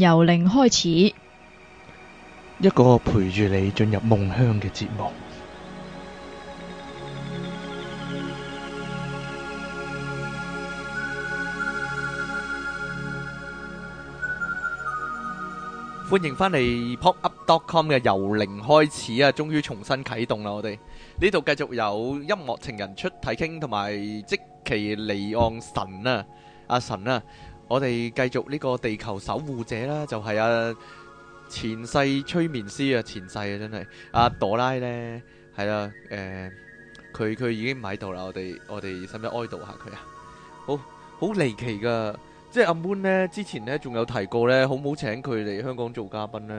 由零開始，一個陪住你進入夢鄉嘅節目。歡迎翻嚟 popup.com 嘅由零開始啊，終於重新啟動啦！我哋呢度繼續有音樂情人出體傾，同埋即期離岸神啊，阿神啊。我哋繼續呢個地球守護者啦，就係、是、啊前世催眠師啊，前世啊真係阿、啊嗯、朵拉咧，係啦誒，佢、呃、佢已經唔喺度啦，我哋我哋使唔使哀悼下佢啊？好好離奇㗎，即係阿 Moon 咧，之前咧仲有提過咧，好唔好請佢嚟香港做嘉賓咧？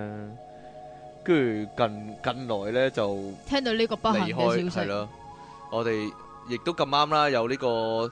跟住近近來咧就聽到呢個不幸嘅消息，係、啊、我哋亦都咁啱啦，有呢、這個。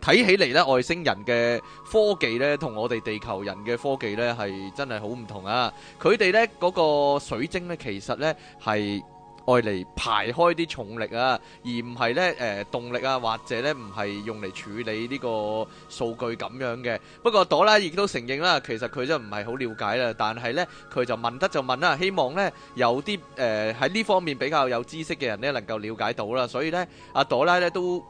睇起嚟咧，外星人嘅科技咧，同我哋地球人嘅科技咧，係真係好唔同啊！佢哋咧嗰個水晶咧，其實咧係愛嚟排開啲重力啊，而唔係咧誒動力啊，或者咧唔係用嚟處理呢個數據咁樣嘅。不過朵拉亦都承認啦，其實佢真係唔係好瞭解啦，但係咧佢就問得就問啦，希望咧有啲誒喺呢方面比較有知識嘅人咧能夠瞭解到啦。所以咧，阿朵拉咧都。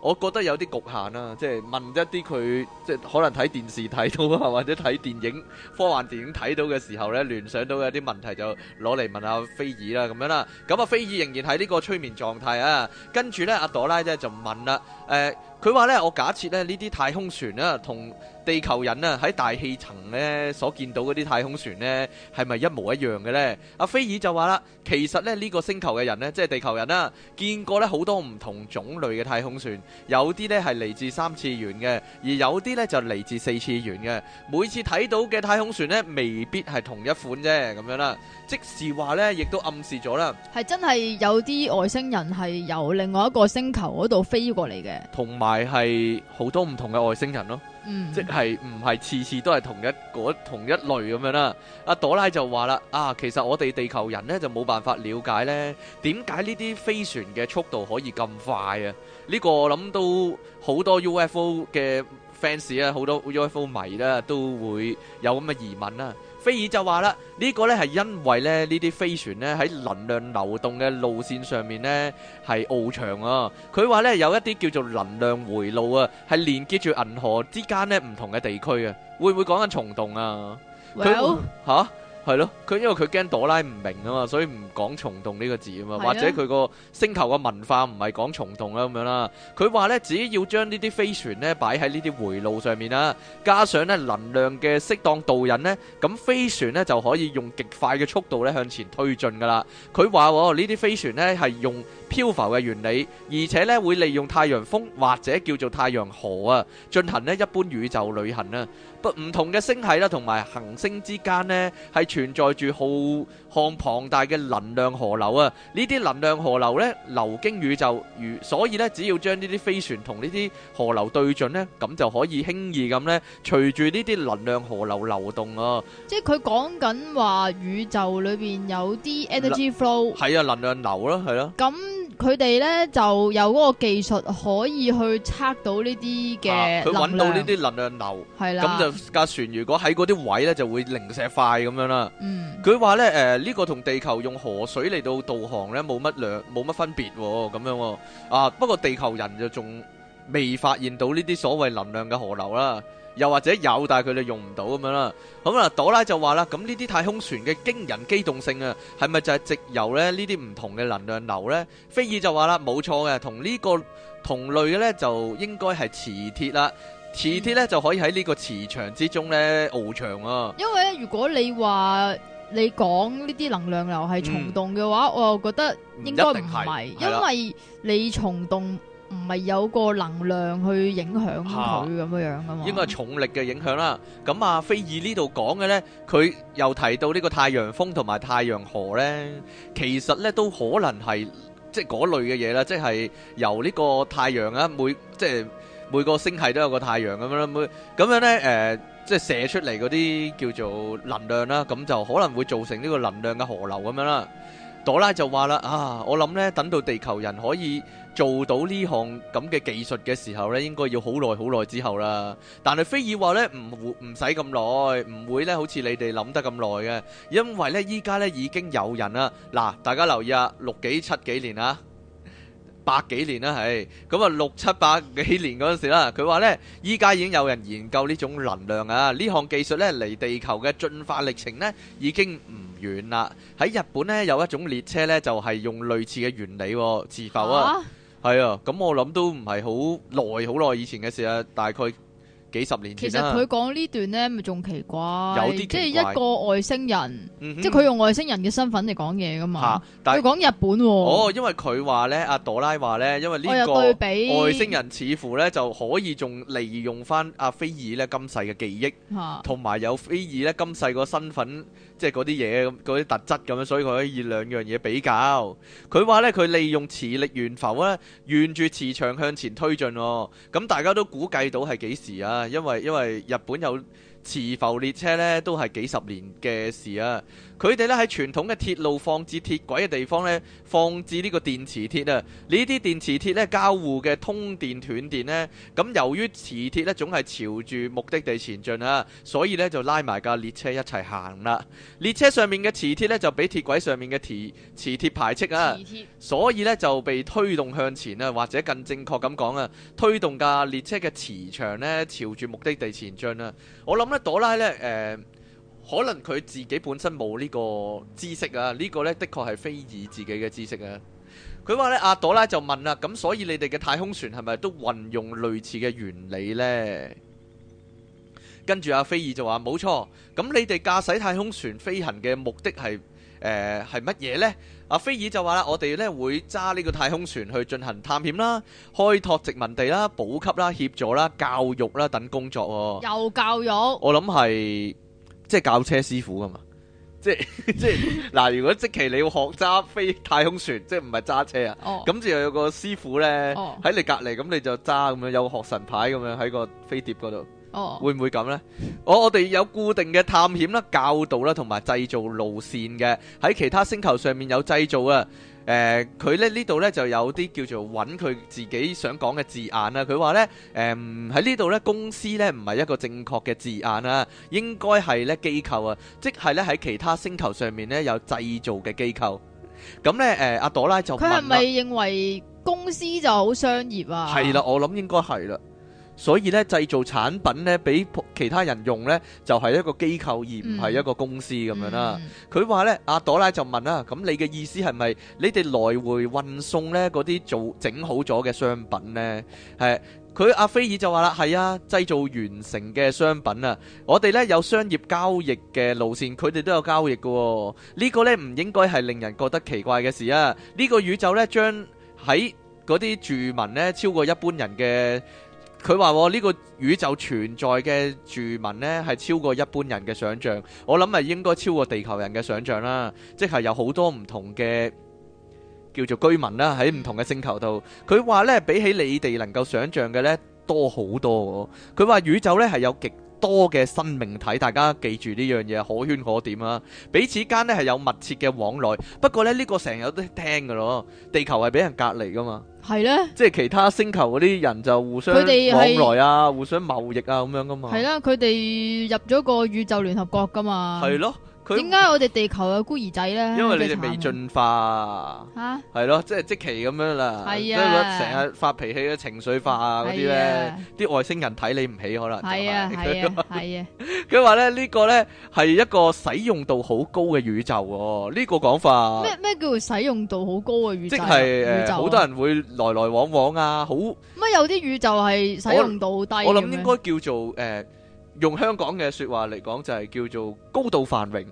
我覺得有啲局限啊，即係問一啲佢，即係可能睇電視睇到啊，或者睇電影科幻電影睇到嘅時候呢，聯想到有啲問題就攞嚟問下、啊、菲爾啦，咁樣啦。咁啊，菲爾仍然喺呢個催眠狀態啊。跟住呢，阿朵拉咧就問啦。誒，佢話咧，我假設咧呢啲太空船啊同地球人啊喺大氣層咧所見到嗰啲太空船呢係咪一模一樣嘅呢？阿菲爾就話啦，其實咧呢個星球嘅人呢，即係地球人啦，見過咧好多唔同種類嘅太空船，有啲呢係嚟自三次元嘅，而有啲呢就嚟自四次元嘅。每次睇到嘅太空船呢，未必係同一款啫，咁樣啦。即時話呢，亦都暗示咗啦，係真係有啲外星人係由另外一個星球嗰度飛過嚟嘅。同埋係好多唔同嘅外星人咯，嗯、即係唔係次次都係同一嗰同一類咁樣啦、啊。阿、啊、朵拉就話啦，啊，其實我哋地球人呢就冇辦法了解呢。點解呢啲飛船嘅速度可以咁快啊？呢、呢個我諗都好多 UFO 嘅 fans 啊，好多 UFO 迷啦、啊，都會有咁嘅疑問啦、啊。菲爾就話啦，呢、這個咧係因為咧呢啲飛船咧喺能量流動嘅路線上面咧係翱翔啊。佢話咧有一啲叫做能量回路啊，係連接住銀河之間咧唔同嘅地區啊。會唔會講緊蟲洞啊？佢吓 Well,？啊係咯，佢因為佢驚朵拉唔明啊嘛，所以唔講蟲洞呢個字啊嘛，啊或者佢個星球嘅文化唔係講蟲洞啦。咁樣啦。佢話咧，只要將呢啲飛船咧擺喺呢啲回路上面啦，加上咧能量嘅適當導引呢，咁飛船咧就可以用極快嘅速度咧向前推進噶啦。佢話呢啲飛船咧係用。漂浮嘅原理，而且咧會利用太陽風或者叫做太陽河啊，進行呢一般宇宙旅行啊。不，唔同嘅星系啦，同埋行星之間呢，係存在住好項龐大嘅能量河流啊！呢啲能量河流咧流經宇宙，如所以呢，只要將呢啲飛船同呢啲河流對準呢，咁就可以輕易咁呢，隨住呢啲能量河流流動啊！即係佢講緊話宇宙裏邊有啲 energy flow，係啊，能量流囉，係咯、啊。佢哋呢就有嗰個技術可以去測到呢啲嘅，佢揾、啊、到呢啲能量流，係啦。咁就架船如果喺嗰啲位呢，就會零舍快咁樣啦。嗯，佢話呢，誒、呃、呢、呢個同地球用河水嚟到導航呢，冇乜兩冇乜分別咁、哦、樣、哦。啊，不過地球人就仲未發現到呢啲所謂能量嘅河流啦。又或者有，但係佢哋用唔到咁樣啦。咁啊，朵拉就話啦：咁呢啲太空船嘅驚人機動性啊，係咪就係藉由咧，呢啲唔同嘅能量流呢？菲爾」菲爾就話啦：冇錯嘅，同呢、這個同類嘅呢，就應該係磁鐵啦。磁鐵呢，嗯、就可以喺呢個磁場之中呢翱翔啊。因為如果你話你講呢啲能量流係蟲洞嘅話，嗯、我又覺得應該唔係，不是是因為你蟲洞。唔係有個能量去影響佢咁樣樣噶嘛？應該係重力嘅影響啦。咁阿菲爾呢度講嘅咧，佢又提到呢個太陽風同埋太陽河咧，其實咧都可能係即係嗰類嘅嘢啦，即係由呢個太陽啊，每即係每個星系都有個太陽咁樣啦，每咁樣咧誒，即係射出嚟嗰啲叫做能量啦，咁就可能會造成呢個能量嘅河流咁樣啦。朵拉，就話啦：啊，我諗咧，等到地球人可以做到呢項咁嘅技術嘅時候咧，應該要好耐好耐之後啦。但係菲爾話咧，唔唔使咁耐，唔會咧好似你哋諗得咁耐嘅，因為咧依家咧已經有人啦。嗱、啊，大家留意啊，六幾七幾年啊。百幾年啦，係，咁啊六七百幾年嗰陣時啦，佢話呢，依家已經有人研究呢種能量啊，呢項技術呢離地球嘅進化歷程呢已經唔遠啦。喺日本呢有一種列車呢就係用類似嘅原理自浮啊，係啊，咁我諗都唔係好耐，好耐以前嘅事啊，大概。幾十年前、啊、其實佢講呢段呢咪仲奇怪，有啲奇怪即係一個外星人，嗯、哼即係佢用外星人嘅身份嚟講嘢噶嘛。佢講、啊、日本喎、啊，哦，因為佢話呢，阿、啊、朵拉話呢，因為呢個外星人似乎呢就可以仲利用翻阿、啊、菲爾呢今世嘅記憶，同埋、啊、有菲爾呢今世個身份。即係嗰啲嘢咁，嗰啲特質咁樣，所以佢可以以兩樣嘢比較。佢話呢，佢利用磁力懸浮啊，沿住磁場向前推進咯、哦。咁大家都估計到係幾時啊？因為因為日本有磁浮列車呢，都係幾十年嘅事啊。佢哋咧，喺傳統嘅鐵路放置鐵軌嘅地方呢，放置呢個電磁鐵啊！呢啲電磁鐵呢，交互嘅通電斷電呢，咁由於磁鐵呢，總係朝住目的地前進啊，所以呢就拉埋架列車一齊行啦。列車上面嘅磁鐵呢就俾鐵軌上面嘅磁鐵排斥啊，所以呢就被推動向前啊，或者更正確咁講啊，推動架列車嘅磁場呢朝住目的地前進啊。我諗呢朵拉呢誒可能佢自己本身冇呢個知識啊，呢個呢，的確係菲爾自己嘅知識啊。佢話呢，阿朵拉就問啦，咁所以你哋嘅太空船係咪都運用類似嘅原理呢？跟住阿菲爾就話冇錯，咁你哋駕駛太空船飛行嘅目的係誒係乜嘢呢？阿菲爾就話啦，我哋呢會揸呢個太空船去進行探險啦、開拓殖民地啦、補給啦、協助啦、教育啦等工作喎。又教育？我諗係。即係教車師傅噶嘛，即係 即係嗱，如果即期你要學揸飛太空船，即係唔係揸車啊？咁、oh. 就有個師傅咧，喺、oh. 你隔籬，咁你就揸咁樣，有個學神牌咁樣喺個飛碟嗰度、oh.，哦，會唔會咁呢？我我哋有固定嘅探險啦、教導啦同埋製造路線嘅，喺其他星球上面有製造啊。誒佢咧呢度呢就有啲叫做揾佢自己想講嘅字眼啦、啊。佢話呢誒喺、嗯、呢度呢公司呢唔係一個正確嘅字眼啦、啊，應該係呢機構啊，即係呢喺其他星球上面呢有製造嘅機構。咁呢，誒、呃、阿朵拉就問：佢係咪認為公司就好商業啊？係啦，我諗應該係啦。所以咧，製造產品咧，俾其他人用咧，就係、是、一個機構而唔係一個公司咁樣啦。佢話咧，阿、嗯啊、朵拉就問啦、啊：，咁、嗯、你嘅意思係咪你哋來回運送咧嗰啲做整好咗嘅商品呢？」係佢阿菲爾就話啦：，係啊，製造完成嘅商品啊，我哋咧有商業交易嘅路線，佢哋都有交易㗎喎、哦。這個、呢個咧唔應該係令人覺得奇怪嘅事啊。呢、這個宇宙咧，將喺嗰啲住民咧超過一般人嘅。佢話呢個宇宙存在嘅住民咧，係超過一般人嘅想象。我諗係應該超過地球人嘅想象啦，即係有好多唔同嘅叫做居民啦，喺唔同嘅星球度。佢話咧，比起你哋能夠想象嘅咧多好多哦。佢話宇宙咧係有極。多嘅生命體，大家記住呢樣嘢可圈可點啊。彼此間咧係有密切嘅往來，不過咧呢個成日都聽噶咯。地球係俾人隔離噶嘛，係咧，即係其他星球嗰啲人就互相佢哋往來啊，互相貿易啊咁樣噶嘛。係啦，佢哋入咗個宇宙聯合國噶嘛。係咯。點解我哋地球有孤兒仔咧？因為你哋未進化，吓係咯，即係即期咁樣啦。係啊，成日發脾氣啊，情緒化啊，嗰啲咧，啲外星人睇你唔起可能。係啊係啊係啊！佢話咧呢個咧係一個使用度好高嘅宇宙喎，呢個講法咩咩叫使用度好高嘅宇宙？即係好多人會來來往往啊，好乜有啲宇宙係使用度好低。我諗應該叫做誒，用香港嘅說話嚟講，就係叫做高度繁榮。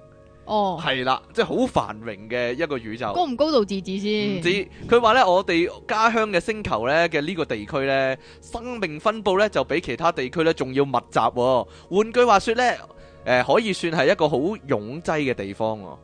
哦，係啦，即係好繁榮嘅一個宇宙。高唔高度自治先？唔知佢話呢，我哋家鄉嘅星球呢嘅呢、呢個地區呢，生命分佈呢就比其他地區呢仲要密集。哦。換句話說呢，誒、呃、可以算係一個好擁擠嘅地方。哦。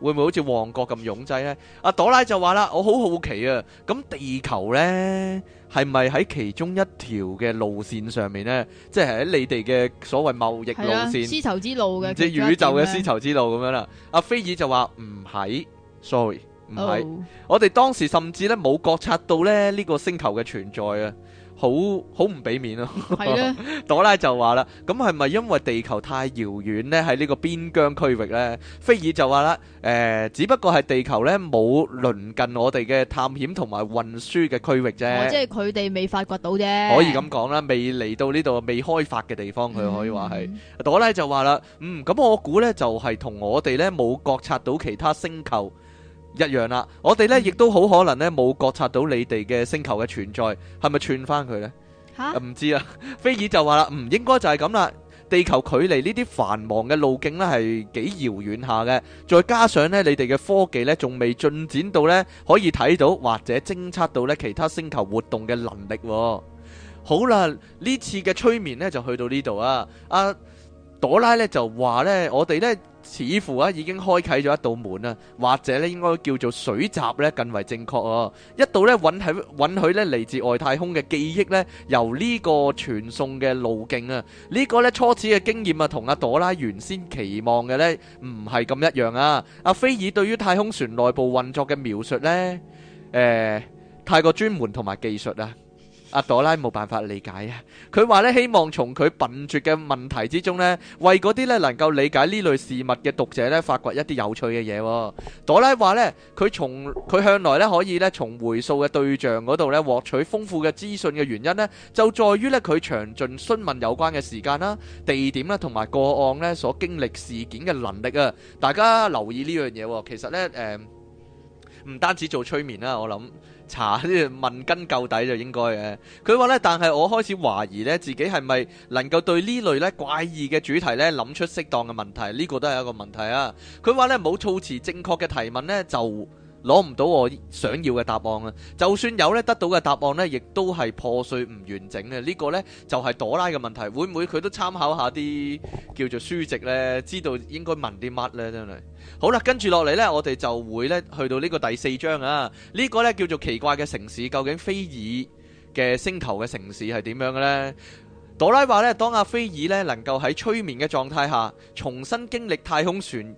會唔會好似旺角咁擁擠呢？阿、啊、朵拉就話啦，我好好奇啊，咁地球呢，係咪喺其中一條嘅路綫上面呢？即係喺你哋嘅所謂貿易路綫，絲綢、啊、之路嘅，即係宇宙嘅絲綢之路咁樣啦。阿、啊、菲爾就話唔係，sorry，唔係。我哋當時甚至咧冇覺察到咧，呢、呢個星球嘅存在啊。好好唔俾面咯，朵拉就話啦，咁係咪因為地球太遙遠呢？喺呢個邊疆區域呢，菲爾就話啦，誒、呃，只不過係地球呢冇鄰近我哋嘅探險同埋運輸嘅區域啫，即係佢哋未發掘到啫，可以咁講啦，未嚟到呢度未開發嘅地方，佢可以話係。朵拉就話啦，嗯，咁我估呢，就係同我哋呢冇覺察到其他星球，一樣啦，我哋呢亦都好可能呢冇覺察到你哋嘅星球嘅存在，係咪串翻佢呢？嚇，唔知啊。知菲爾就話啦，唔應該就係咁啦。地球距離呢啲繁忙嘅路徑呢係幾遙遠下嘅，再加上呢，你哋嘅科技呢仲未進展到呢可以睇到或者偵測到呢其他星球活動嘅能力，啊。好啦，呢次嘅催眠呢就去到呢度啊。阿朵拉呢就話呢，我哋呢。似乎啊，已經開啟咗一道門啦，或者咧應該叫做水閘咧，更為正確哦。一度咧允許允許咧嚟自外太空嘅記憶咧，由、這、呢個傳送嘅路徑啊，呢個咧初始嘅經驗啊，同阿朵拉原先期望嘅咧唔係咁一樣啊。阿菲爾對於太空船內部運作嘅描述咧，誒、呃、太過專門同埋技術啊。阿、啊、朵拉冇辦法理解啊！佢話咧，希望從佢笨拙嘅問題之中呢，為嗰啲呢能夠理解呢類事物嘅讀者呢，發掘一啲有趣嘅嘢，哦。朵拉話呢，佢從佢向來呢可以呢從回溯嘅對象嗰度呢，獲取豐富嘅資訊嘅原因呢，就在於呢佢詳盡詢問有關嘅時間啦、地點啦，同埋個案呢所經歷事件嘅能力啊！大家留意呢樣嘢，其實呢誒、唔、呃、單止做催眠啦，我諗。查呢？問根究底就應該嘅。佢話咧，但係我開始懷疑咧，自己係咪能夠對呢類咧怪異嘅主題咧諗出適當嘅問題。呢個都係一個問題啊！佢話咧，冇措辭正確嘅提問咧就。攞唔到我想要嘅答案啊！就算有咧，得到嘅答案咧，亦都係破碎唔完整嘅。呢個咧就係朵拉嘅問題，會唔會佢都參考下啲叫做書籍咧，知道應該問啲乜咧？真係好啦，跟住落嚟咧，我哋就會咧去到呢個第四章啊！呢個咧叫做奇怪嘅城市，究竟菲爾嘅星球嘅城市係點樣嘅咧？朵拉話咧，當阿菲爾咧能夠喺催眠嘅狀態下，重新經歷太空船，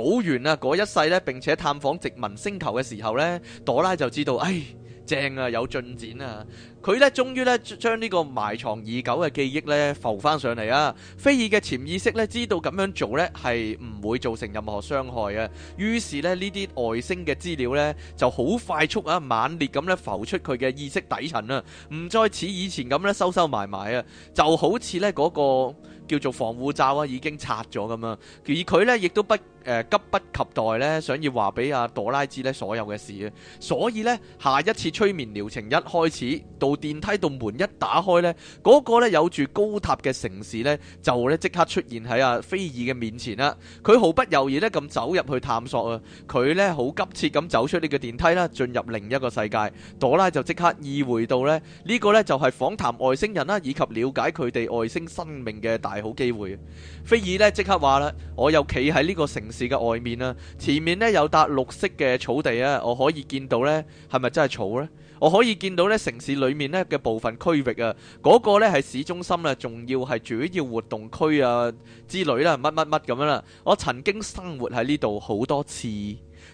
組完啊嗰一世呢，並且探訪殖民星球嘅時候呢，朵拉就知道，哎，正啊，有進展啊！佢呢，終於呢，將呢個埋藏已久嘅記憶呢，浮翻上嚟啊！菲爾嘅潛意識呢，知道咁樣做呢，係唔會造成任何傷害啊。於是呢，呢啲外星嘅資料呢，就好快速啊猛烈咁咧浮出佢嘅意識底層啊。唔再似以前咁咧收收埋埋啊，就好似呢嗰個叫做防護罩啊已經拆咗咁啊，而佢呢，亦都不。誒，急不及待咧，想要話俾阿朵拉知咧所有嘅事啊！所以呢，下一次催眠療程一開始，到電梯度門一打開呢，嗰個呢有住高塔嘅城市呢，就呢即刻出現喺阿菲爾嘅面前啦。佢毫不猶豫呢咁走入去探索啊！佢呢好急切咁走出呢個電梯啦，進入另一個世界。朵拉就即刻意會到呢，呢個呢就係訪談外星人啦，以及了解佢哋外星生命嘅大好機會。菲爾呢即刻話啦：我又企喺呢個城。市嘅外面啊，前面呢有笪綠色嘅草地啊，我可以見到呢係咪真係草呢？我可以見到呢城市裏面呢嘅部分區域啊，嗰、那個呢係市中心啊，仲要係主要活動區啊之類啦，乜乜乜咁樣啦。我曾經生活喺呢度好多次。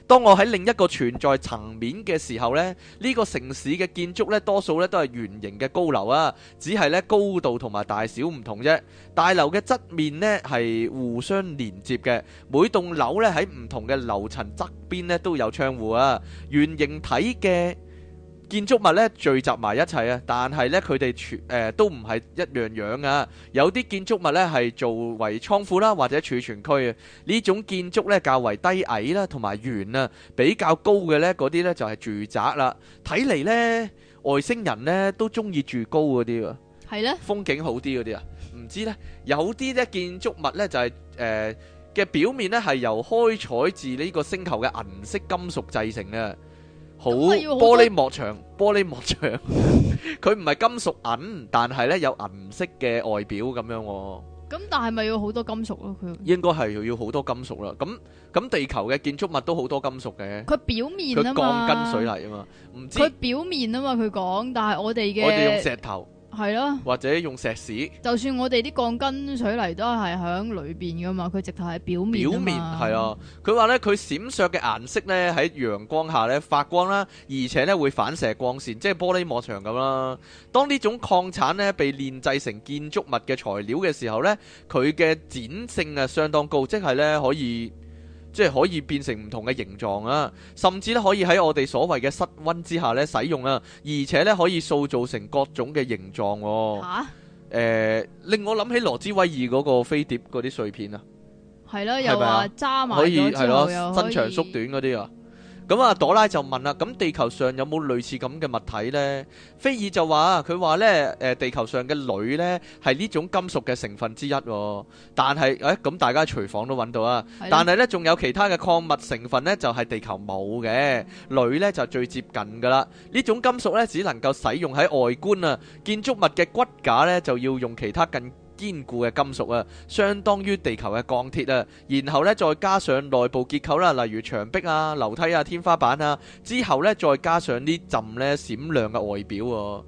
當我喺另一個存在層面嘅時候呢，呢個城市嘅建築呢多數呢都係圓形嘅高樓啊，只係呢高度同埋大小唔同啫。大樓嘅側面呢係互相連接嘅，每棟樓呢喺唔同嘅樓層側邊呢都有窗戶啊。圓形體嘅。建築物咧聚集埋一齊啊，但係咧佢哋全誒都唔係一樣樣啊。有啲建築物咧係作為倉庫啦，或者儲存區啊。呢種建築咧較為低矮啦，同埋圓啊，比較高嘅咧嗰啲咧就係住宅啦。睇嚟咧外星人咧都中意住高嗰啲啊，係咧風景好啲嗰啲啊。唔知咧有啲咧建築物咧就係誒嘅表面咧係由開採自呢個星球嘅銀色金屬製成嘅。好玻璃幕牆，玻璃幕牆，佢唔係金屬銀，但係咧有銀色嘅外表咁樣。咁但係咪要好多金屬咯，啊？佢應該係要好多金屬啦。咁咁地球嘅建築物都好多金屬嘅。佢表面啊嘛，佢鋼筋水泥啊嘛，嘛，唔知佢表面啊嘛佢講，但係我哋嘅我哋用石頭。係咯，是啊，或者用石屎。就算我哋啲鋼筋水泥都係喺裏面噶嘛，佢直頭係表，表面。表面係啊，佢話咧，佢閃爍嘅顏色咧喺陽光下咧發光啦，而且咧會反射光線，即係玻璃幕牆咁啦。當呢種礦產咧被煉製成建築物嘅材料嘅時候咧，佢嘅展性啊相當高，即係咧可以。即係可以變成唔同嘅形狀啊，甚至咧可以喺我哋所謂嘅室溫之下咧使用啊，而且咧可以塑造成各種嘅形狀喎。嚇、啊呃！令我諗起羅斯威爾嗰個飛碟嗰啲碎片啊，係咯了，吧又話揸埋可以係咯，伸長縮短嗰啲啊。咁啊，朵拉就問啦，咁地球上有冇類似咁嘅物體呢？菲爾就話啊，佢話呢，誒，地球上嘅鋁呢係呢種金屬嘅成分之一喎，但係誒，咁大家廚房都揾到啊，但係呢仲有其他嘅礦物成分呢，就係地球冇嘅鋁呢就最接近噶啦，呢種金屬呢只能夠使用喺外觀啊，建築物嘅骨架呢就要用其他更。堅固嘅金屬啊，相當於地球嘅鋼鐵啊，然後咧，再加上內部結構啦，例如牆壁啊、樓梯啊、天花板啊，之後咧再加上呢浸咧閃亮嘅外表。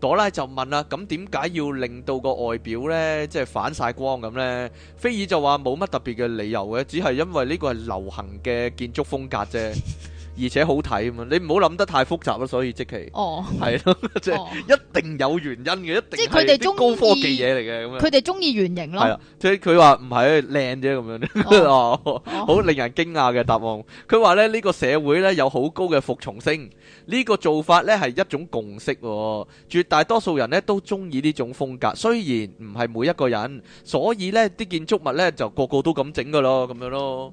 朵拉就問啦：「咁點解要令到個外表咧即係反晒光咁呢？」菲爾就話冇乜特別嘅理由嘅，只係因為呢個係流行嘅建築風格啫。而且好睇嘛，你唔好諗得太複雜啦，所以即係，哦，係咯，即係一定有原因嘅，一定係啲高科技嘢嚟嘅，佢哋中意圓形咯。係啊，即係佢話唔係靚啫，咁樣咧，哦，好令人驚訝嘅答案。佢話咧呢個社會咧有好高嘅服從性，呢個做法咧係一種共識，絕大多數人咧都中意呢種風格，雖然唔係每一個人，所以咧啲建築物咧就個個都咁整噶咯，咁樣咯。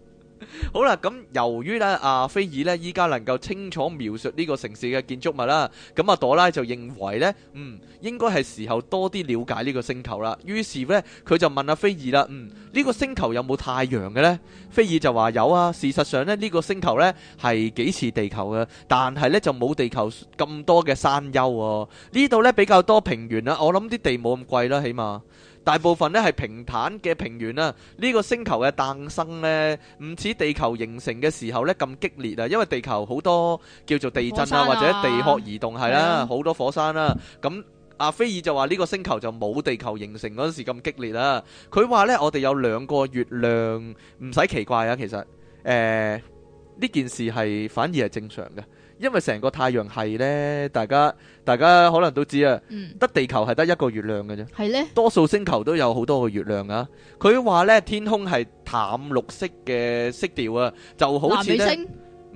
好啦，咁 由於咧阿菲爾呢，依家能夠清楚描述呢個城市嘅建築物啦，咁阿朵拉就認為呢，嗯，應該係時候多啲了解呢個星球啦。於是呢，佢就問阿菲爾啦，嗯，呢個星球有冇太陽嘅呢？」菲爾就話有啊。事實上呢，呢個星球呢係幾似地球嘅，但係呢就冇地球咁多嘅山丘，呢度呢比較多平原啦。我諗啲地冇咁貴啦，起碼。大部分呢係平坦嘅平原啦。呢個星球嘅誕生呢，唔似地球形成嘅時候呢咁激烈啊。因為地球好多叫做地震啊，或者地殼移動係啦，好多火山啦。咁阿菲爾就話呢個星球就冇地球形成嗰陣時咁激烈啦。佢話呢，我哋有兩個月亮，唔使奇怪啊。其實誒呢件事係反而係正常嘅。因為成個太陽系咧，大家大家可能都知啊，得地球係得一個月亮嘅啫，係咧，多數星球都有好多個月亮啊。佢話咧天空係淡綠色嘅色調啊，就好似咧，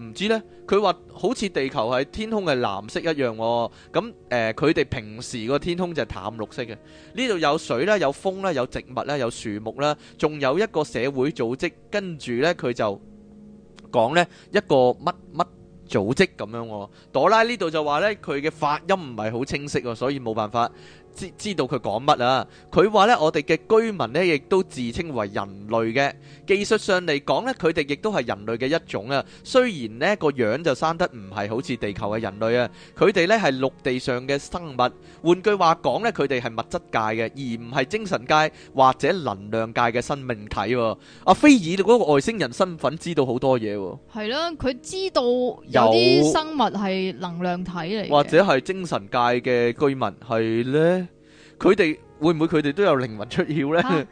唔知咧。佢話好似地球係天空係藍色一樣，咁誒，佢哋平時個天空就係淡綠色嘅。呢度有水啦，有風啦，有植物啦，有樹木啦，仲有一個社會組織，跟住咧佢就講咧一個乜乜。組織咁樣喎，朵拉呢度就話呢，佢嘅發音唔係好清晰喎，所以冇辦法。知知道佢講乜啊？佢話呢，我哋嘅居民呢，亦都自稱為人類嘅。技術上嚟講呢，佢哋亦都係人類嘅一種啊。雖然呢個樣就生得唔係好似地球嘅人類啊，佢哋呢係陸地上嘅生物。換句話講呢，佢哋係物質界嘅，而唔係精神界或者能量界嘅生命體喎。阿菲爾嗰個外星人身份知道好多嘢喎。係囉，佢知道有啲生物係能量體嚟嘅，或者係精神界嘅居民係呢。佢哋會唔會佢哋都有靈魂出竅咧？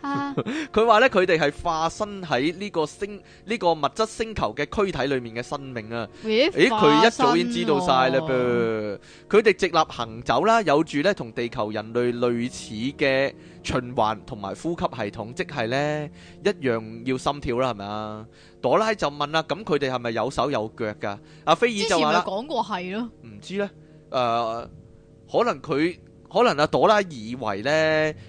佢話咧，佢哋係化身喺呢個星，呢個物質星球嘅軀體裏面嘅生命啊！咦，佢一早已經知道晒啦噃！佢哋直立行走啦，有住咧同地球人類類似嘅循環同埋呼吸系統，即係咧一樣要心跳啦，係咪啊？朵拉就問啦：，咁佢哋係咪有手有腳噶？阿菲爾就話啦：，之前咪講過係咯？唔知咧，誒，可能佢。可能啊，朵拉以為呢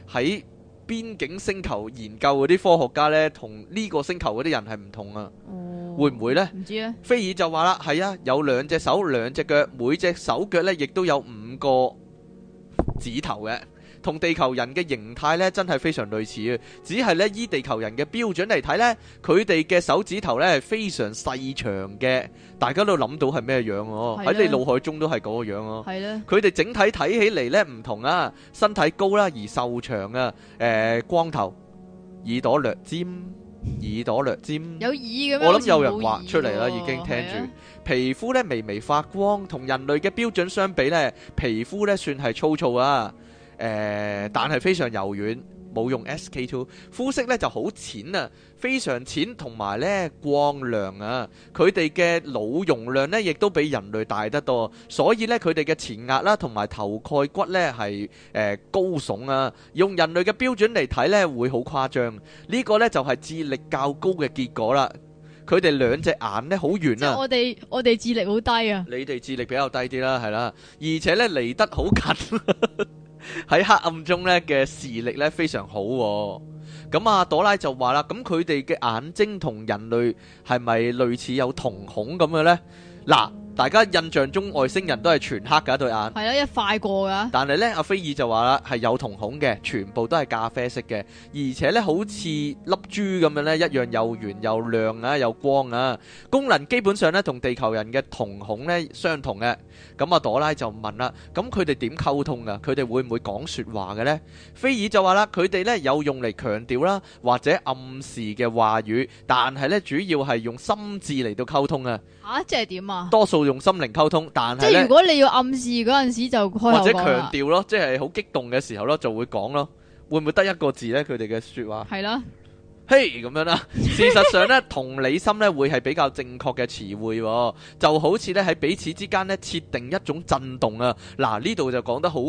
喺邊境星球研究嗰啲科學家呢，同呢個星球嗰啲人係唔同啊，嗯、會唔會呢？唔知呢。菲爾就話啦：係啊，有兩隻手、兩隻腳，每隻手腳呢亦都有五個指頭嘅。同地球人嘅形態咧，真係非常類似嘅，只係咧依地球人嘅標準嚟睇咧，佢哋嘅手指頭咧係非常細長嘅，大家都諗到係咩樣喎、啊？喺的你腦海中都係嗰個樣咯、啊。佢哋的整體睇起嚟咧唔同啊，身體高啦、啊、而瘦長啊，誒、呃、光頭，耳朵略尖，耳朵略尖。有耳我諗有人畫出嚟啦，已經聽住的皮膚咧微微發光，同人類嘅標準相比咧，皮膚咧算係粗糙啊。誒、呃，但係非常柔軟，冇用 SK2，膚色咧就好淺啊，非常淺，同埋咧光亮啊。佢哋嘅腦容量咧，亦都比人類大得多，所以咧佢哋嘅前額啦、啊，同埋頭蓋骨咧係誒高聳啊。用人類嘅標準嚟睇咧，會好誇張。這個、呢個咧就係、是、智力較高嘅結果啦。佢哋兩隻眼咧好遠啊！我哋我哋智力好低啊！你哋智力比較低啲啦，係啦，而且咧離得好近。 喺黑暗中咧嘅視力咧非常好，啊，咁啊朵拉就話啦，咁佢哋嘅眼睛同人類係咪類似有瞳孔咁嘅呢？嗱。大家印象中外星人都係全黑噶對眼，係啦一塊過噶。但係呢，阿菲爾就話啦，係有瞳孔嘅，全部都係咖啡色嘅，而且呢，好似粒珠咁樣呢，一樣又圓又亮啊，又光啊，功能基本上呢，同地球人嘅瞳孔呢相同嘅。咁、嗯、阿朵拉就問啦，咁佢哋點溝通噶、啊？佢哋會唔會講說話嘅呢？菲爾就話啦，佢哋呢，有用嚟強調啦或者暗示嘅話語，但係呢，主要係用心智嚟到溝通啊。啊，即係點啊？多數用心靈溝通，但係即係如果你要暗示嗰陣時候就開或者強調咯，即係好激動嘅時候咯，就會講咯。會唔會得一個字呢？佢哋嘅說話係啦，嘿咁的、hey, 樣啦、啊。 事實上呢，同理心呢會係比較正確嘅詞彙，就好似呢，喺彼此之間呢，設定一種震動啊。嗱呢度就講得好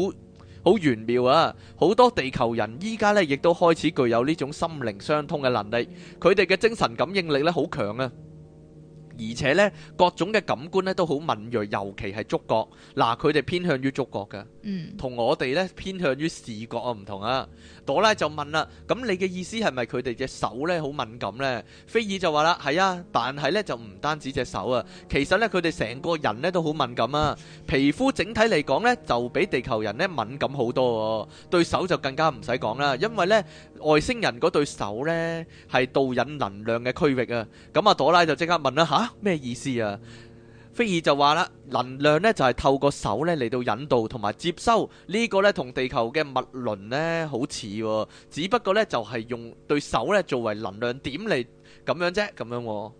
好玄妙啊。好多地球人依家呢，亦都開始具有呢種心靈相通嘅能力，佢哋嘅精神感應力呢，好強啊。而且呢，各種嘅感官呢都好敏銳，尤其係觸覺。嗱，佢哋偏向於觸覺嘅，同我哋呢偏向於視覺啊，唔同啊。朵拉就問啦：咁你嘅意思係咪佢哋隻手咧好敏感咧？菲爾就話啦：係啊，但係咧就唔單止隻手啊，其實咧佢哋成個人咧都好敏感啊。皮膚整體嚟講咧就比地球人咧敏感好多，對手就更加唔使講啦。因為咧外星人嗰對手咧係導引能量嘅區域啊。咁啊，朵拉就即刻問啦：吓？咩意思啊？菲爾就話啦，能量咧就係透過手咧嚟到引導同埋接收呢個咧，同地球嘅物輪咧好似，只不過咧就係用對手咧作為能量點嚟咁樣啫，咁樣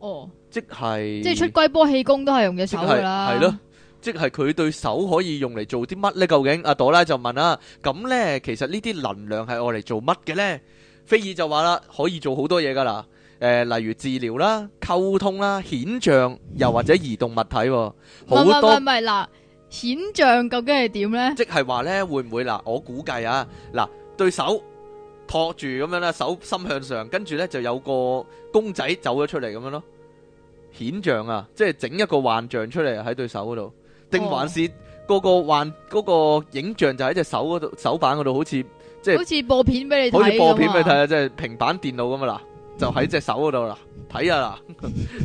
哦，即係即係出龜波氣功都係用嘅手噶啦，係咯，即係佢對手可以用嚟做啲乜咧？究竟阿朵拉就問啦，咁咧其實呢啲能量係愛嚟做乜嘅咧？菲爾就話啦，可以做好多嘢噶啦。誒、呃，例如治療啦、溝通啦、顯像又或者移動物體、啊，好、嗯、多唔係嗱，顯像究竟係點咧？即係話咧，會唔會嗱？我估計啊，嗱，對手托住咁樣啦，手心向上，跟住咧就有個公仔走咗出嚟咁樣咯。顯像啊，即係整一個幻像出嚟喺對手嗰度，定、哦、還是嗰個幻嗰、嗰個影像就喺隻手嗰度，手板嗰度好似即係好似播片俾你睇，好似播片俾你睇啊，即係平板電腦咁啊嗱。就喺隻手嗰度啦，睇下啦，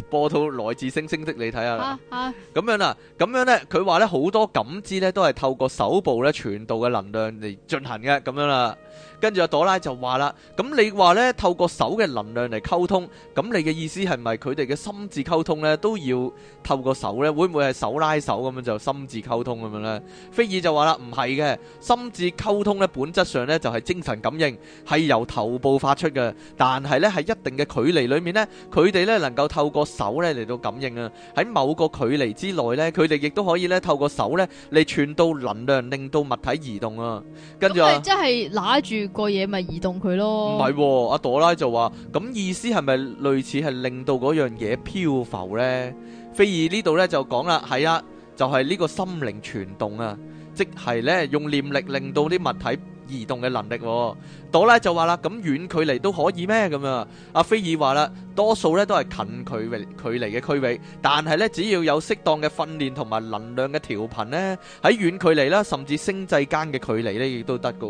播套來自星星的你睇下啦，咁 樣啦，咁樣呢，佢話呢，好多感知呢都係透過手部呢傳導嘅能量嚟進行嘅，咁樣啦。跟住阿朵拉就話啦，咁你話咧透過手嘅能量嚟溝通，咁你嘅意思係咪佢哋嘅心智溝通咧都要透過手咧？會唔會係手拉手咁樣就心智溝通咁樣咧？菲爾就話啦，唔係嘅，心智溝通咧本質上咧就係精神感應，係由頭部發出嘅，但係咧喺一定嘅距離裏面咧，佢哋咧能夠透過手咧嚟到感應啊。喺某個距離之內咧，佢哋亦都可以咧透過手咧嚟傳到能量，令到物體移動啊。跟住真係拿住。個嘢咪移動佢咯、哦？唔、啊、係，阿朵拉就話咁意思係咪類似係令到嗰樣嘢漂浮呢？菲爾呢度呢就講啦，係啊，就係、是、呢個心靈傳動啊，即係呢，用念力令到啲物體移動嘅能力、啊。朵拉就話啦，咁遠距離都可以咩？咁、啊、呀。阿菲爾話啦，多數呢都係近距離距離嘅區域，但係呢，只要有適當嘅訓練同埋能量嘅調頻呢，喺遠距離啦，甚至星際間嘅距離呢、啊，亦都得噶。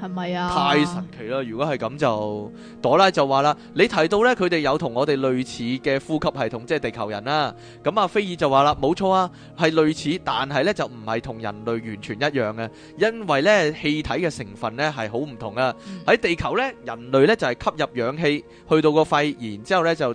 係咪啊？太神奇啦！如果係咁就，朵拉就話啦，你提到咧，佢哋有同我哋類似嘅呼吸系統，即係地球人啦。咁啊，啊菲爾就話啦，冇錯啊，係類似，但係咧就唔係同人類完全一樣嘅，因為咧氣體嘅成分咧係好唔同啊。喺、嗯、地球咧，人類咧就係、是、吸入氧氣，去到個肺，然之後咧就，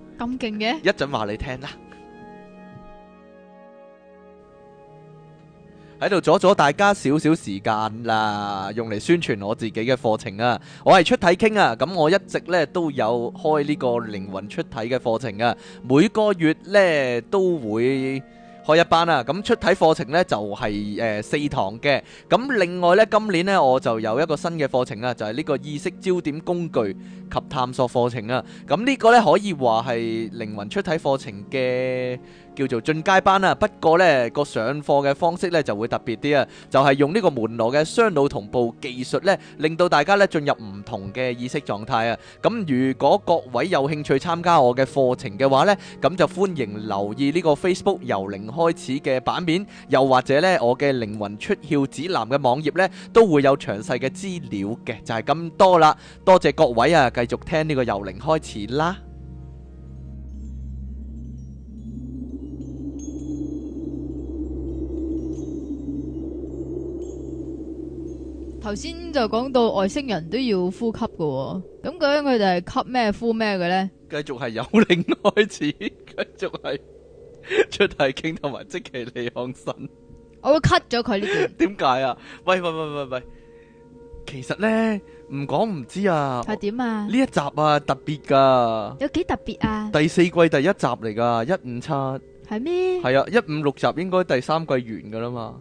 咁勁嘅，一陣話你聽啦。喺度阻咗大家少少時間啦，用嚟宣傳我自己嘅課程啊。我係出體傾啊，咁我一直呢都有開呢個靈魂出體嘅課程啊，每個月呢都會。開一班啦，咁出體課程呢就係、是、誒、呃、四堂嘅。咁另外呢，今年呢我就有一個新嘅課程啦，就係、是、呢個意識焦點工具及探索課程啦，咁呢個呢可以話係靈魂出體課程嘅。叫做進階班啊，不過呢個上課嘅方式呢就會特別啲啊，就係用呢個門羅嘅雙腦同步技術呢，令到大家呢進入唔同嘅意識狀態啊。咁如果各位有興趣參加我嘅課程嘅話呢，咁就歡迎留意呢個 Facebook 由零開始嘅版面，又或者呢我嘅靈魂出竅指南嘅網頁呢都會有詳細嘅資料嘅，就係咁多啦。多謝各位啊，繼續聽呢個由零開始啦。頭先就講到外星人都要呼吸嘅、哦，咁究竟佢哋係吸咩呼咩嘅咧？繼續係有領開始，繼續係出大景同埋即其利康神。 我會 cut 咗佢呢啲。點解啊？喂喂喂喂喂，其實咧唔講唔知啊。係點啊？呢一集啊特別噶。有幾特別啊？第四季第一集嚟噶，一五七。係咩嗎？係啊，一五六集應該第三季完噶啦嘛。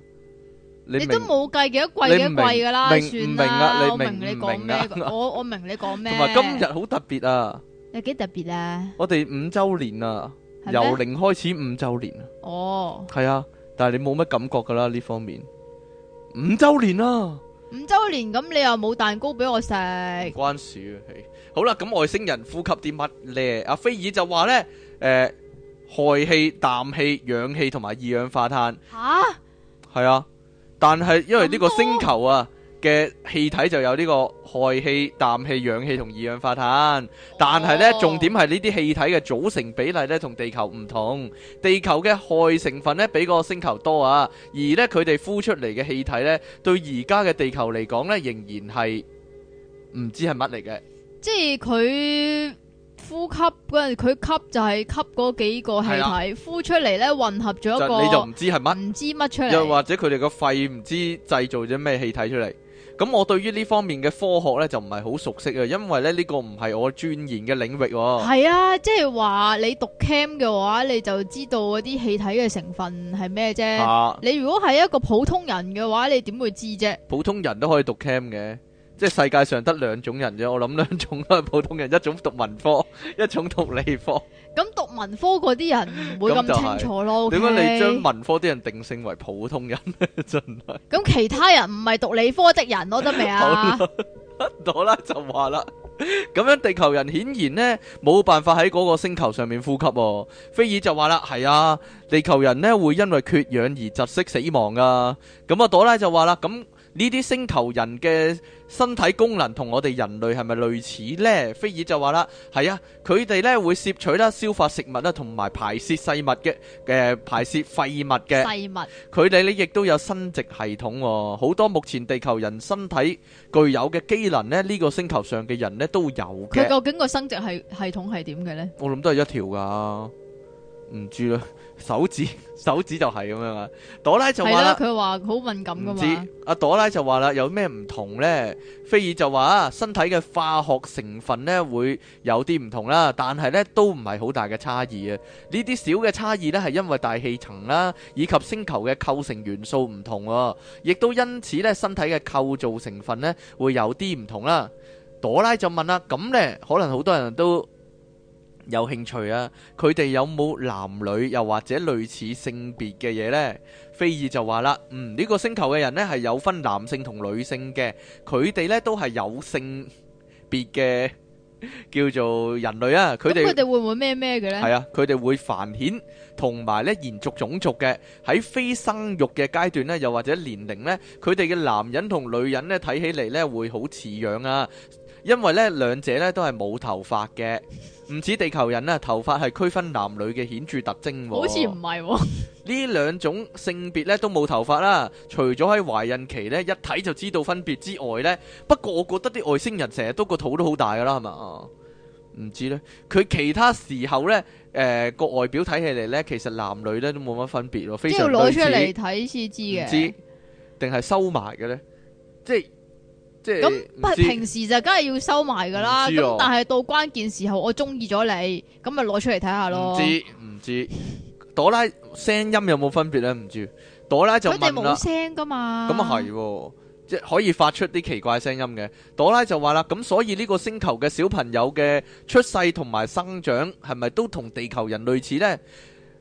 你，你都冇計幾多季幾多季噶啦，你明算啦。我明你講咩，我我明你講咩。同埋今日好特別啊！有幾特別啊？你幾特別咧、啊？我哋五周年啊，嗎由零開始五周年啊。哦，係啊，但係你冇乜感覺噶啦呢方面。五周年啊！五周年咁，你又冇蛋糕俾我食。關事啊，係好啦。咁外星人呼吸啲乜咧？阿菲爾就話咧，誒、呃，氦氣、氮氣、氧氣同埋二氧化碳。吓哈，係啊。但係因為呢個星球啊嘅氣體就有呢個氦氣、氮氣、氧氣同二氧化碳，但係呢重點係呢啲氣體嘅組成比例呢同地球唔同，地球嘅氦成分呢比個星球多啊，而呢佢哋呼出嚟嘅氣體呢，對而家嘅地球嚟講呢，仍然係唔知係乜嚟嘅，即係佢。呼吸嗰陣佢吸就係吸嗰幾個氣體，啊、呼出嚟咧混合咗一個，你就唔知係乜，唔知乜出嚟。又或者佢哋個肺唔知製造咗咩氣體出嚟。咁我對於呢方面嘅科學咧就唔係好熟悉啊，因為咧呢、呢個唔係我專研嘅領域，哦。係啊，即係話你讀 chem 嘅話，你就知道嗰啲氣體嘅成分係咩啫。啊、你如果係一個普通人嘅話，你點會知啫？普通人都可以讀 chem 嘅。即係世界上得兩種人啫，我諗兩種都係普通人，一種讀文科，一種讀理科。咁讀文科嗰啲人唔會咁清楚咯。點解、就是、okay? 你將文科啲人定性為普通人咧？真係咁，其他人唔係讀理科的人咯，得未啊？好啦，好，朵拉就話啦。咁樣地球人顯然呢冇辦法喺嗰個星球上面呼吸、哦。菲爾就話啦，係啊，地球人呢會因為缺氧而窒息死亡噶。咁啊，朵拉就話啦，咁。呢啲星球人嘅身體功能同我哋人類係咪類似呢？菲爾就話啦，係啊，佢哋呢會攝取啦、消化食物啦，同埋排泄廢物嘅，誒、呃，排泄廢物嘅。廢物佢哋呢亦都有生殖系統、哦，好多目前地球人身體具有嘅機能呢，呢、這個星球上嘅人呢都有嘅。佢究竟個生殖系系統係點嘅呢？我諗都係一條噶，唔知啦。手指手指就係咁樣啊，朵拉就話啦，佢話好敏感噶嘛。阿朵拉就話啦，有咩唔同呢？菲爾就話，身體嘅化學成分呢會有啲唔同啦，但係呢都唔係好大嘅差異啊。呢啲小嘅差異呢係因為大氣層啦，以及星球嘅構成元素唔同、啊，亦都因此呢，身體嘅構造成分呢會有啲唔同啦。朵拉就問啦：咁呢，可能好多人都有興趣啊？佢哋有冇男女又或者類似性別嘅嘢呢？菲爾就話啦，嗯，呢個星球嘅人呢係有分男性同女性嘅，佢哋呢都係有性別嘅，叫做人類啊。佢哋佢哋會唔會咩咩嘅呢？係啊，佢哋會繁衍同埋呢延續種族嘅。喺非生育嘅階段呢，又或者年齡呢，佢哋嘅男人同女人呢睇起嚟呢會好似樣啊，因為呢兩者呢都係冇頭髮嘅。唔止地球人啦，頭髮係區分男女嘅顯著特徵。好似唔係呢兩種性別咧都冇頭髮啦，除咗喺懷孕期咧一睇就知道分別之外咧，不過我覺得啲外星人成日都個肚都好大噶啦，係嘛？啊，唔知咧，佢其他時候咧，誒、呃、個外表睇起嚟咧，其實男女咧都冇乜分別咯。即係攞出嚟睇先知嘅，唔知？定係收埋嘅咧？即係。即係咁平時就梗係要收埋噶啦，咁、哦、但係到關鍵時候我中意咗你，咁咪攞出嚟睇下咯。唔知唔知，朵拉聲音有冇分別咧？唔知，朵拉就問啦。佢哋冇聲噶嘛？咁係係，即係可以發出啲奇怪聲音嘅。朵拉就話啦，咁所以呢個星球嘅小朋友嘅出世同埋生長，係咪都同地球人類似咧？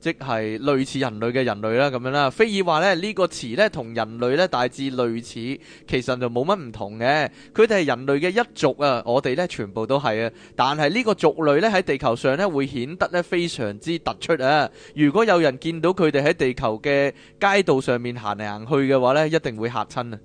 即係類似人類嘅人類啦，咁樣啦。菲爾話呢，呢個詞呢同人類呢大致類似，其實就冇乜唔同嘅。佢哋係人類嘅一族啊，我哋呢全部都係啊。但係呢個族類呢喺地球上呢會顯得呢非常之突出啊。如果有人見到佢哋喺地球嘅街道上面行嚟行去嘅話呢，一定會嚇親啊！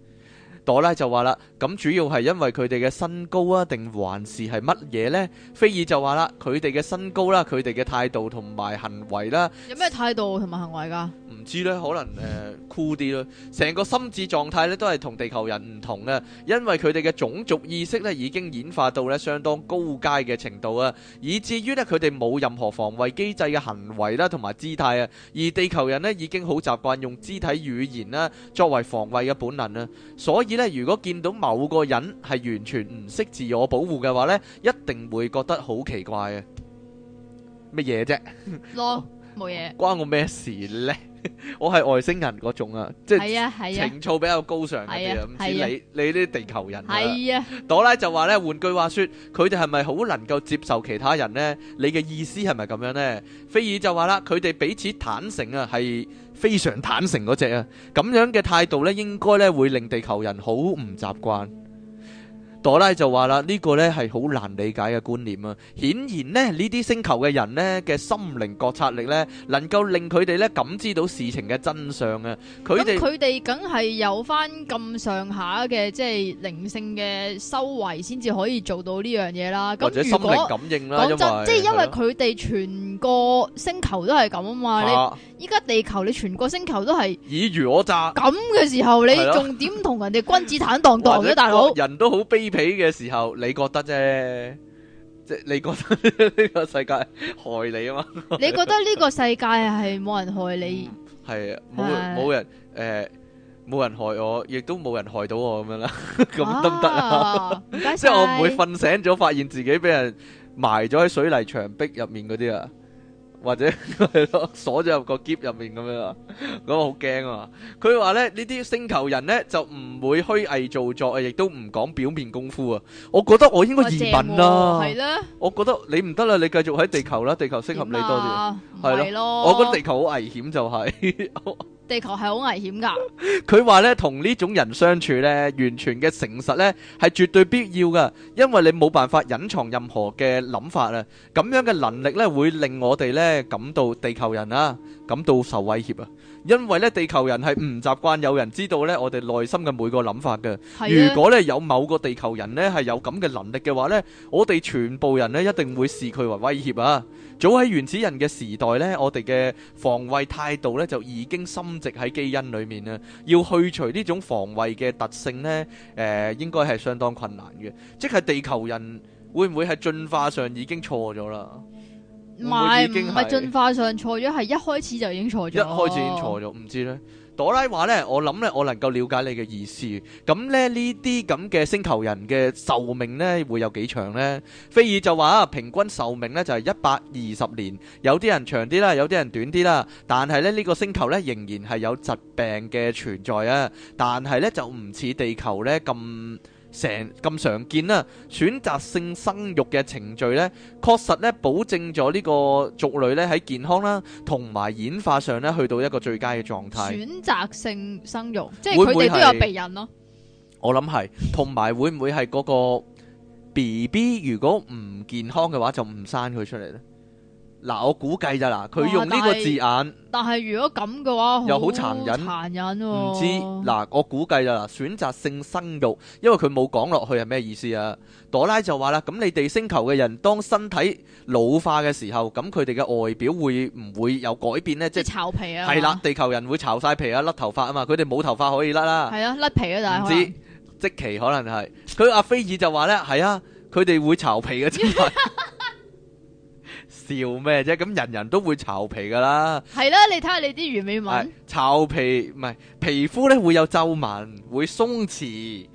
朵拉就話啦，咁主要係因為佢哋嘅身高啊，定還是係乜嘢呢？菲爾就話啦，佢哋嘅身高啦、啊，佢哋嘅態度同埋行為啦、啊，有咩態度同埋行為噶？唔知咧，可能誒、呃、酷啲咯，成個心智狀態咧都係同地球人唔同啊，因為佢哋嘅種族意識咧已經演化到咧相當高階嘅程度啊，以至於呢，佢哋冇任何防衛機制嘅行為啦同埋姿態啊，而地球人呢已經好習慣用肢體語言啦、啊、作為防衛嘅本能啊，所以。咧，如果見到某個人係完全唔識自我保護嘅話咧，一定會覺得好奇怪嘅，乜嘢啫？咯，冇嘢，關我咩事咧？我係外星人嗰種啊，即係情操比較高尚嘅，唔似你你啲地球人。係啊，朵拉就話咧，換句話說，佢哋係咪好能夠接受其他人咧？你嘅意思係咪咁樣咧？菲爾就話啦，佢哋彼此坦誠啊，係。非常坦誠嗰隻啊，咁樣嘅態度呢，應該呢會令地球人好唔習慣。朵拉就話啦，呢個咧係好難理解嘅觀念啊！顯然咧，呢啲星球嘅人咧嘅心靈覺察力咧，能夠令佢哋咧感知到事情嘅真相啊！佢哋佢哋梗係有翻咁上下嘅即係靈性嘅修為，先至可以做到呢樣嘢啦。或者心靈感應啦，因為即係因為佢哋全個星球都係咁啊嘛！你依家地球你全個星球都係爾虞我詐咁嘅時候，你仲點同人哋君子坦蕩蕩啫，大佬！人都好卑。起嘅時候，你覺得啫？即係你覺得呢個世界害你啊？嘛，你覺得呢個世界係冇人害你？係冇冇人誒，冇人害我，亦都冇人害到我咁樣啦，咁得唔得啊？謝謝即係我唔會瞓醒咗，發現自己俾人埋咗喺水泥牆壁入面嗰啲啊！或者係咯，鎖 咗入個篋入面咁樣啊咁我好驚啊！佢話咧呢啲星球人咧就唔會虛偽造作啊，亦都唔講表面功夫啊！我覺得我應該移民啦。係、啊啊、我覺得你唔得啦，你繼續喺地球啦，地球適合你多啲，係咯、啊，我覺得地球好危險就係。 地球係好危險噶，佢話咧同呢種人相處咧，完全嘅誠實咧係絕對必要噶，因為你冇辦法隱藏任何嘅諗法啊，咁樣嘅能力咧會令我哋咧感到地球人啊，感到受威脅啊。因為咧，地球人係唔習慣有人知道咧，我哋內心嘅每個諗法嘅。的如果咧有某個地球人咧係有咁嘅能力嘅話呢，我哋全部人呢一定會視佢為威脅啊！早喺原始人嘅時代呢，我哋嘅防衛態度呢就已經深植喺基因裏面啦。要去除呢種防衛嘅特性呢，誒、呃，應該係相當困難嘅。即係地球人會唔會喺進化上已經錯咗啦？唔係，唔係進化上錯咗，係一開始就已經錯咗。一開始已經錯咗，唔知咧。朵拉話咧，我諗咧，我能夠了解你嘅意思。咁咧呢啲咁嘅星球人嘅壽命咧會有幾長呢？菲爾就話啊，平均壽命咧就係一百二十年，有啲人長啲啦，有啲人短啲啦。但係咧呢、呢個星球咧仍然係有疾病嘅存在啊，但係咧就唔似地球咧咁。成咁常見啦，選擇性生育嘅程序呢，確實呢保證咗呢個族類呢喺健康啦，同埋演化上呢去到一個最佳嘅狀態。選擇性生育，即係佢哋都有避孕咯。我諗係，同埋會唔會係嗰個 BB 如果唔健康嘅話，就唔生佢出嚟呢？嗱，我估計咋嗱，佢用呢個字眼，但係如果咁嘅話，又好殘忍，殘忍喎、啊。唔知嗱，我估計就嗱，選擇性生育，因為佢冇講落去係咩意思啊？朵拉就話啦，咁你哋星球嘅人當身體老化嘅時候，咁佢哋嘅外表會唔會有改變呢？即係巢皮啊！係啦，地球人會巢晒皮啊，甩頭髮啊嘛，佢哋冇頭髮可以甩啦。係啊，甩、啊、皮啊，但係唔知即期可能係佢阿菲爾就話咧，係 啊，佢哋會巢皮嘅、啊。 要咩啫？咁人人都會巢皮噶啦，係啦、啊，你睇下你啲魚尾紋巢皮唔係皮膚咧會有皺紋，會鬆弛，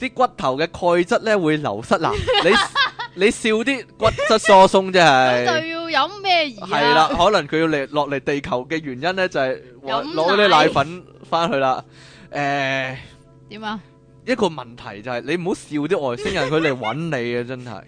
啲 骨頭嘅鈣質咧會流失啦。 你你笑啲骨質疏鬆啫係。 是 就要飲咩、啊？係啦、啊，可能佢要嚟落嚟地球嘅原因咧就係攞攞啲奶粉翻去啦。誒、呃，點啊？一個問題就係你唔好笑啲外星人佢嚟揾你啊，真係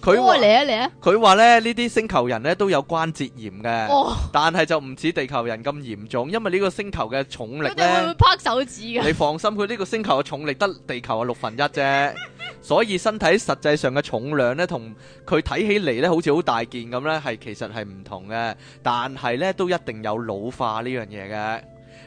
佢話嚟啊嚟啊！佢話呢啲星球人呢都有關節炎嘅，哦、但係就唔似地球人咁嚴重，因為呢個星球嘅重力咧，佢哋會唔會拍手指，你放心，佢呢個星球嘅重力得地球嘅六分一啫， 所以身體實際上嘅重量呢，同佢睇起嚟呢好似好大件咁呢，係其實係唔同嘅，但係呢都一定有老化呢樣嘢嘅。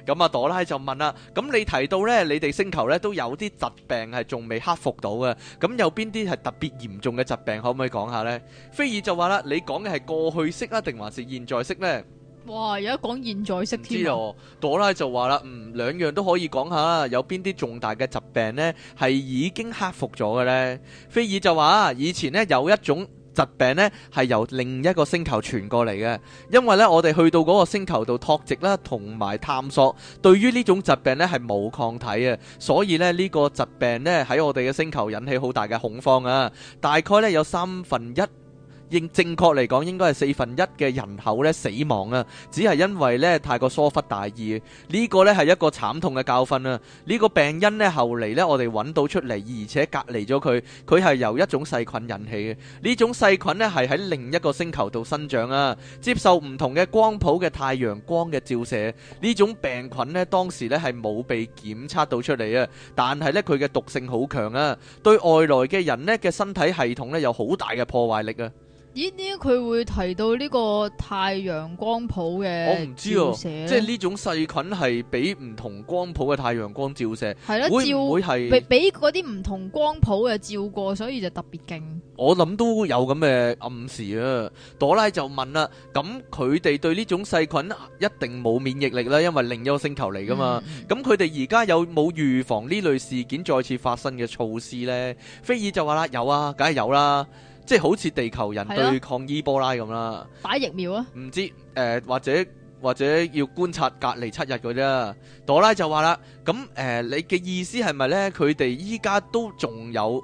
咁啊、嗯，朵拉就問啦：咁你提到呢，你哋星球呢都有啲疾病係仲未克服到嘅，咁有邊啲係特別嚴重嘅疾病可唔可以講下呢？菲爾就話啦，你講嘅係過去式啊，定還是現在式呢？」「哇，有一講現在式添啊！朵拉就話啦，嗯，兩樣都可以講下啦。有邊啲重大嘅疾病呢係已經克服咗嘅呢？菲爾」菲爾就話以前呢，有一種。疾病呢係由另一個星球傳過嚟嘅，因為呢，我哋去到嗰個星球度拓殖啦，同埋探索，對於呢種疾病呢係冇抗體嘅，所以呢，呢個疾病呢喺我哋嘅星球引起好大嘅恐慌啊，大概呢，有三分一。應正確嚟講，應該係四分一嘅人口咧死亡啊！只係因為咧太過疏忽大意，呢個咧係一個慘痛嘅教訓啊！呢個病因呢後嚟呢我哋揾到出嚟，而且隔離咗佢，佢係由一種細菌引起嘅。呢種細菌呢係喺另一個星球度生長啊，接受唔同嘅光譜嘅太陽光嘅照射。呢種病菌呢當時呢係冇被檢測到出嚟啊，但係呢佢嘅毒性好強啊，對外來嘅人呢嘅身體系統呢有好大嘅破壞力啊！點解佢會提到呢個太陽光譜嘅照射呢？我唔知啊，即係呢種細菌係俾唔同光譜嘅太陽光照射，係啦會唔會係照係俾嗰啲唔同光譜嘅照過，所以就特別勁。我諗都有咁嘅暗示啊！朵拉就問啦：咁佢哋對呢種細菌一定冇免疫力啦，因為另一個星球嚟噶嘛。咁佢哋而家有冇預防呢類事件再次發生嘅措施呢？」菲爾就話啦：有啊，梗係有啦、啊。即係好似地球人對抗伊波拉咁啦、啊，打疫苗啊？唔知誒、呃，或者或者要觀察隔離七日嗰啫。朵拉就話啦，咁誒、呃，你嘅意思係咪咧？佢哋依家都仲有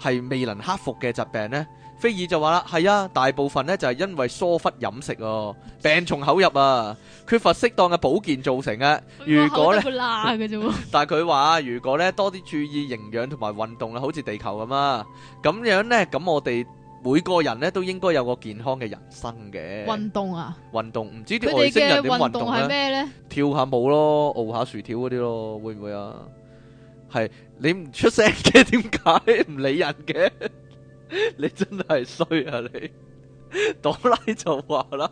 係未能克服嘅疾病呢？」菲爾就話啦，係啊，大部分咧就係因為疏忽飲食哦，病從口入啊，缺乏適當嘅保健造成啊。如果咧，但係佢話如果咧多啲注意營養同埋運動啊，好似地球咁啊，咁樣咧，咁我哋每個人咧都應該有個健康嘅人生嘅。運動啊，運動唔知啲外星人嘅運動係咩咧？跳下舞咯，拗下薯條嗰啲咯，會唔會啊？係你唔出聲嘅，點解唔理人嘅？ 你真係衰啊！你朵拉就話啦，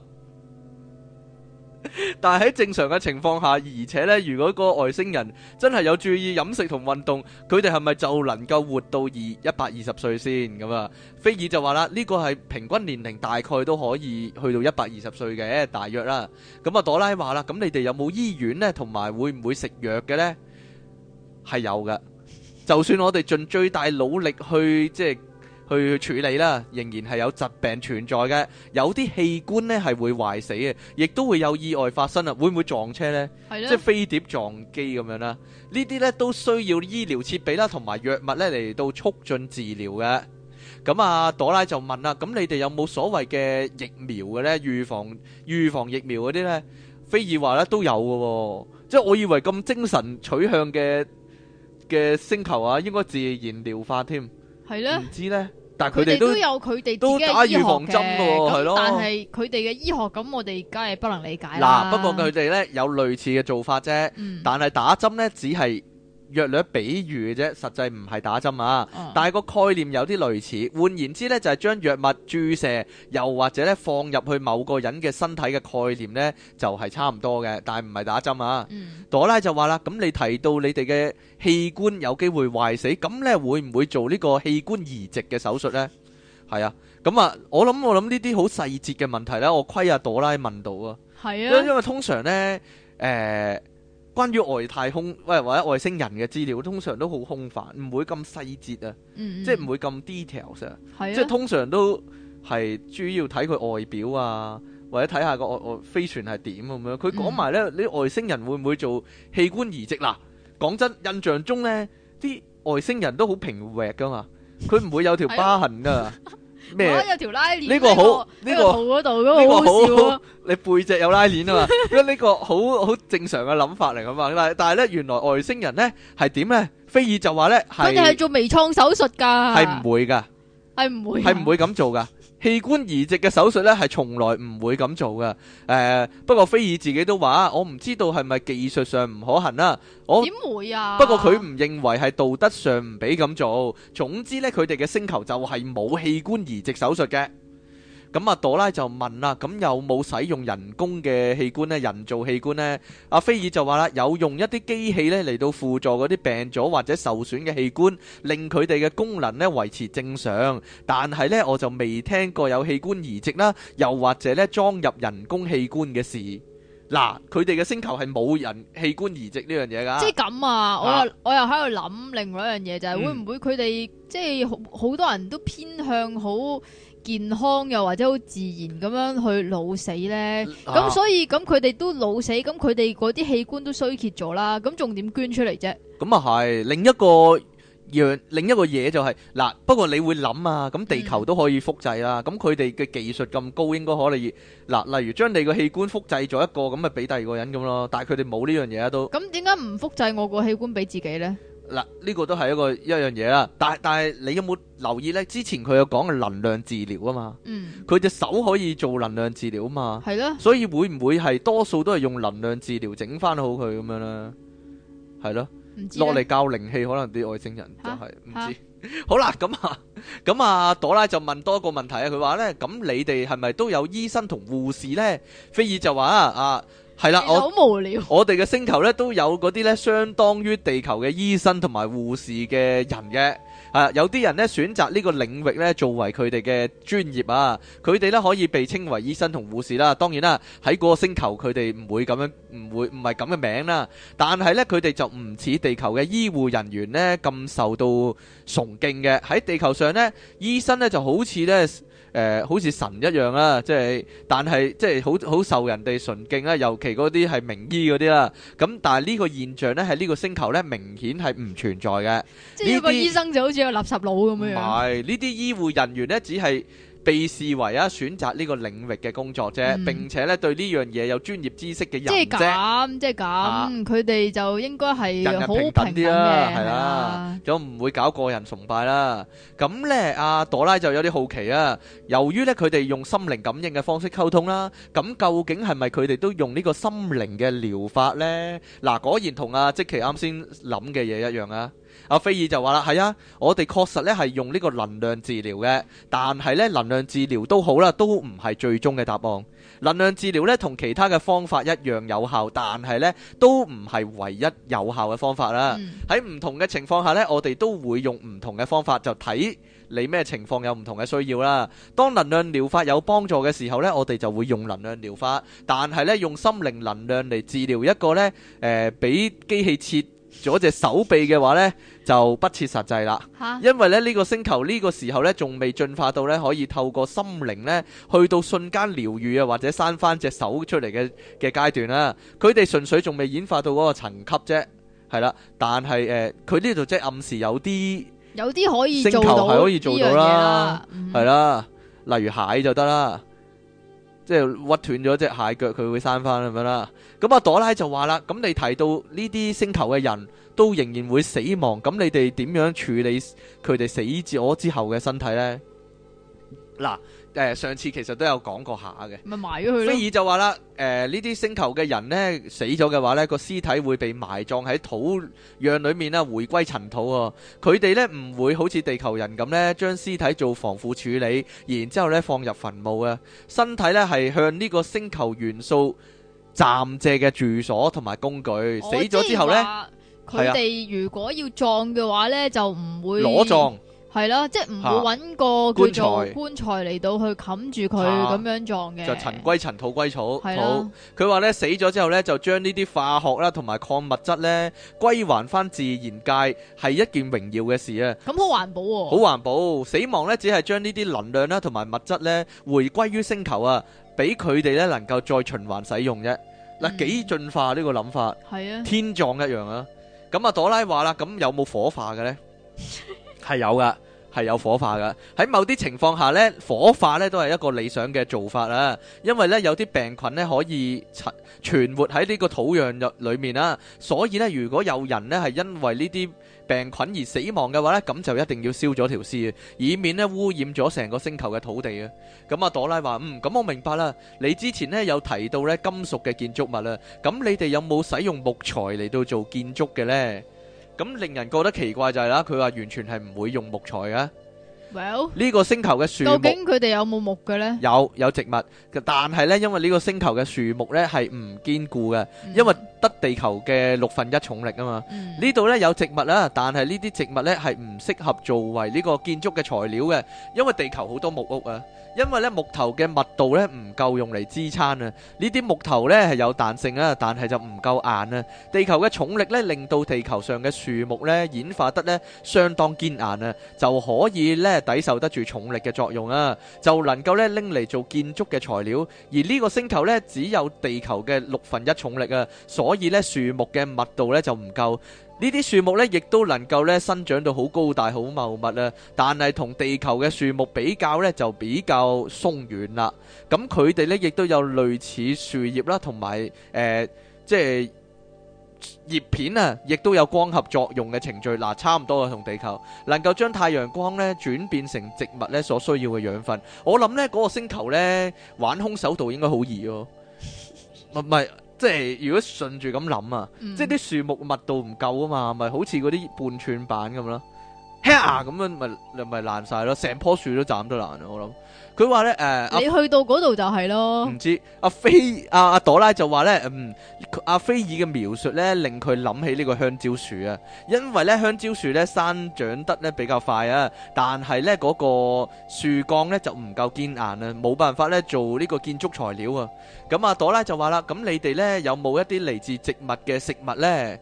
但係喺正常嘅情況下，而且呢，如果個外星人真係有注意飲食同運動，佢哋係咪就能夠活到二一百二十歲先咁啊？菲爾就話啦，呢個係平均年齡，大概都可以去到一百二十歲嘅，大約啦。咁啊，朵拉話啦，咁你哋有冇醫院呢？同埋會唔會食藥嘅呢？係有㗎，就算我哋盡最大努力去即係。去處理啦，仍然係有疾病存在嘅，有啲器官呢係會壞死嘅，亦都會有意外發生啊！會唔會撞車呢？的即係飛碟撞機咁樣啦？呢啲呢都需要醫療設備啦，同埋藥物呢嚟到促進治療嘅。咁、嗯、啊，朵拉就問啦、啊，咁你哋有冇所謂嘅疫苗嘅呢？預防預防疫苗嗰啲呢？」菲爾話呢都有嘅、哦，即係我以為咁精神取向嘅嘅星球啊，應該自然療法添，係咧？唔的知咧？但佢哋都有佢哋自己嘅醫學嘅，都打預防針嘅，但係佢哋嘅醫學咁，我哋梗係不能理解。嗱，不過佢哋呢，有類似嘅做法啫，嗯、但係打針呢，只係約略比喻嘅啫，實際唔係打針啊，嗯、但係個概念有啲類似。換言之呢，就係、是、將藥物注射，又或者放入去某個人嘅身體嘅概念呢，就係、是、差唔多嘅，但係唔係打針啊。嗯、朵拉就話啦：咁你提到你哋嘅器官有機會壞死，咁呢會唔會做呢個器官移植嘅手術呢？係啊，咁啊，我諗我諗呢啲好細節嘅問題呢，我虧啊朵拉問到啊。係啊，因為通常呢。誒、呃。關於外太空，哎、或者外星人嘅資料，通常都好空泛，唔會咁細節啊，嗯、即係唔會咁 detail、啊啊、即係通常都係主要睇佢外表啊，或者睇下個外外飛船係點咁樣、啊。佢講埋呢啲、嗯、外星人會唔會做器官移植嗱？講真，印象中呢啲外星人都好平滑噶嘛，佢唔會有條疤痕㗎。 是啊 咩？有條拉鏈，呢個好呢個肚嗰度，呢個好好笑。你背脊有拉鏈啊嘛，咁呢個好好正常嘅諗法嚟噶嘛。但係咧，原來外星人咧係點咧？菲爾就話咧，佢哋係做微創手術噶，係唔會噶，係唔會，係唔會咁做噶。器官移植嘅手術咧，係從來唔會咁做嘅。誒、呃，不過菲爾自己都話，我唔知道係咪技術上唔可行啦、啊。我點會啊？不過佢唔認為係道德上唔俾咁做。總之呢，佢哋嘅星球就係冇器官移植手術嘅。咁阿朵拉就問啦，咁有冇使用人工嘅器官呢？人造器官呢？阿菲爾就話啦，有用一啲機器呢嚟到輔助嗰啲病咗或者受損嘅器官，令佢哋嘅功能呢維持正常。但係呢，我就未聽過有器官移植啦，又或者呢裝入人工器官嘅事。嗱，佢哋嘅星球係冇人器官移植呢樣嘢噶。即係咁啊！我又我又喺度諗另外一樣嘢就係，會唔會佢哋即係好多人都偏向好？健康又或者好自然咁樣去老死呢，咁所以咁佢哋都老死，咁佢哋嗰啲器官都衰竭咗啦，咁仲點捐出嚟啫？咁啊係另一個樣，另一個嘢就係嗱，不過你會諗啊，咁地球都可以複製啦，咁佢哋嘅技術咁高，應該可以嗱，例如將你個器官複製咗一個，咁咪俾第二個人咁咯，但係佢哋冇呢樣嘢都。咁點解唔複製我個器官俾自己呢？嗱，呢個都係一個一樣嘢啦，但係但係你有冇留意咧？之前佢有講嘅能量治療啊嘛，嗯，佢隻手可以做能量治療啊嘛，係咯，所以會唔會係多數都係用能量治療整翻好佢咁樣咧？係咯，落嚟教靈氣，可能啲外星人就係唔知。好啦，咁啊，咁啊，朵拉就問多一個問題啊，佢話咧，咁你哋係咪都有醫生同護士咧？菲爾就話啊啊！係啦，我我哋嘅星球咧都有嗰啲咧，相當於地球嘅醫生同埋護士嘅人嘅。啊，有啲人咧選擇呢個領域咧作為佢哋嘅專業啊，佢哋咧可以被稱為醫生同護士啦。當然啦，喺嗰個星球佢哋唔會咁樣，唔會唔係咁嘅名啦。但係咧，佢哋就唔似地球嘅醫護人員咧咁受到崇敬嘅。喺地球上呢，醫生咧就好似咧。誒、呃、好似神一樣啦，即係但係即係好好受人哋崇敬啦，尤其嗰啲係名醫嗰啲啦。咁但係呢個現象呢，喺呢個星球呢，明顯係唔存在嘅。呢個醫生就好似個垃圾佬咁樣。係呢啲醫護人員呢，只係。被視為啊選擇呢個領域嘅工作啫，嗯、並且咧對呢樣嘢有專業知識嘅人即係咁，即咁，佢、就、哋、是啊、就應該係平等啲啦、啊，係啦人，仲唔會搞個人崇拜啦。咁、啊、咧，阿、啊、朵拉就有啲好奇啊。由於咧佢哋用心靈感應嘅方式溝通啦，咁究竟係咪佢哋都用呢個心靈嘅療法呢？嗱、啊，果然同阿積奇啱先諗嘅嘢一樣啊！阿菲爾就話啦，係啊，我哋確實咧係用呢個能量治療嘅，但係咧能量治療都好啦，都唔係最終嘅答案。能量治療咧同其他嘅方法一樣有效，但係咧都唔係唯一有效嘅方法啦。喺唔同嘅情況下咧，我哋都會用唔同嘅方法，就睇你咩情況有唔同嘅需要啦。當能量療法有幫助嘅時候咧，我哋就會用能量療法，但係咧用心靈能量嚟治療一個咧，誒，俾機器切。咗隻手臂嘅話呢，就不切實際啦，蛤因為咧呢個星球呢個時候呢，仲未進化到呢可以透過心靈呢，去到瞬間療癒啊或者生翻隻手出嚟嘅嘅階段啦，啊，佢哋純粹仲未演化到嗰個層級啫，係啦，但係誒佢呢度即係暗示有啲有啲可以星球係可以做到啦，係啦，例如蟹就得啦。即係屈斷咗隻蟹腳，佢會生翻係咪啦？咁啊朵拉就話啦，「咁你提到呢啲星球嘅人都仍然會死亡，咁你哋點樣處理佢哋死咗之後嘅身體呢？」嗱。誒，上次其實都有講過下嘅，咪埋咗佢咯。菲爾就話啦，誒呢啲星球嘅人呢，死咗嘅話呢、個屍體會被埋葬喺土壤裏面回歸塵、哦、呢回歸塵土。佢哋呢唔會好似地球人咁呢，將屍體做防腐處理，然之後呢放入墳墓啊。身體呢係向呢個星球元素暫借嘅住所同埋工具。死咗之後呢，佢哋如果要葬嘅話呢就唔會攞葬。係咯，即係唔會搵個、啊、叫做棺材嚟到材去冚住佢咁、啊、樣葬嘅，就塵歸塵，土歸土。好的，佢話咧死咗之後咧，就將呢啲化學啦同埋礦物質咧歸還翻自然界，係一件榮耀嘅事啊！咁好環保、哦，好環保。死亡咧只係將呢啲能量啦同埋物質咧回歸於星球啊，俾佢哋咧能夠再循環使用啫。嗱、嗯，幾進化呢個諗法？係啊的，天葬一樣啊。咁啊，朵拉話啦，咁有冇火化嘅咧？ 係有噶，係有火化噶。喺某啲情況下，呢火化呢都係一個理想嘅做法啦。因為呢，有啲病菌呢可以存活喺呢個土壤入裏面啦，所以呢，如果有人呢係因為呢啲病菌而死亡嘅話呢，咁就一定要燒咗條屍，以免呢污染咗成個星球嘅土地啊。咁啊，朵拉話嗯，咁、嗯、我明白啦。你之前呢有提到呢金屬嘅建築物啦，咁你哋有冇使用木材嚟到做建築嘅呢？咁令人覺得奇怪就係啦，佢話完全係唔會用木材㗎。Well，呢個星球嘅樹木，究竟佢哋有冇木嘅呢？有有植物，但係呢，因為呢個星球嘅樹木呢係唔堅固嘅，因為得地球嘅六分一重力啊嘛。呢度呢有植物啦，但係呢啲植物呢係唔適合作為呢個建築嘅材料嘅，因為地球好多木屋啊。因為咧木頭嘅密度咧唔夠用嚟支撐啊，呢啲木頭咧係有彈性啊，但係就唔夠硬啊。地球嘅重力咧令到地球上嘅樹木咧演化得咧相當堅硬啊，就可以咧抵受得住重力嘅作用啊，就能夠咧拎嚟做建築嘅材料。而呢個星球咧只有地球嘅六分一重力啊，所以咧樹木嘅密度咧就唔夠。呢啲樹木呢，亦都能夠呢生長到好高大、好茂密啊！但係同地球嘅樹木比較呢，就比較鬆軟啦。咁佢哋呢，亦都有類似樹葉啦，同埋誒，即係葉片啊，亦都有光合作用嘅程序。嗱，差唔多啊，同地球能夠將太陽光呢轉變成植物呢所需要嘅養分。我諗呢嗰個星球呢玩空手道應該好易哦。唔係。即係如果順住咁諗啊，嗯、即係啲樹木密度唔夠啊嘛，咪好似嗰啲半寸板咁咯，hair 咁樣咪咪、嗯啊、爛晒咯，成棵樹都斬都爛咯，我諗。佢話咧，誒，啊、你去到嗰度就係咯，唔知阿、啊、菲阿、啊啊、朵拉就話咧，嗯，阿、啊、菲爾嘅描述咧，令佢諗起呢個香蕉樹啊，因為咧香蕉樹咧生長得咧比較快啊，但係咧嗰個樹幹咧就唔夠堅硬啊，冇辦法咧做呢個建築材料啊，咁、啊、阿朵拉就話啦，咁你哋咧有冇一啲嚟自植物嘅食物咧？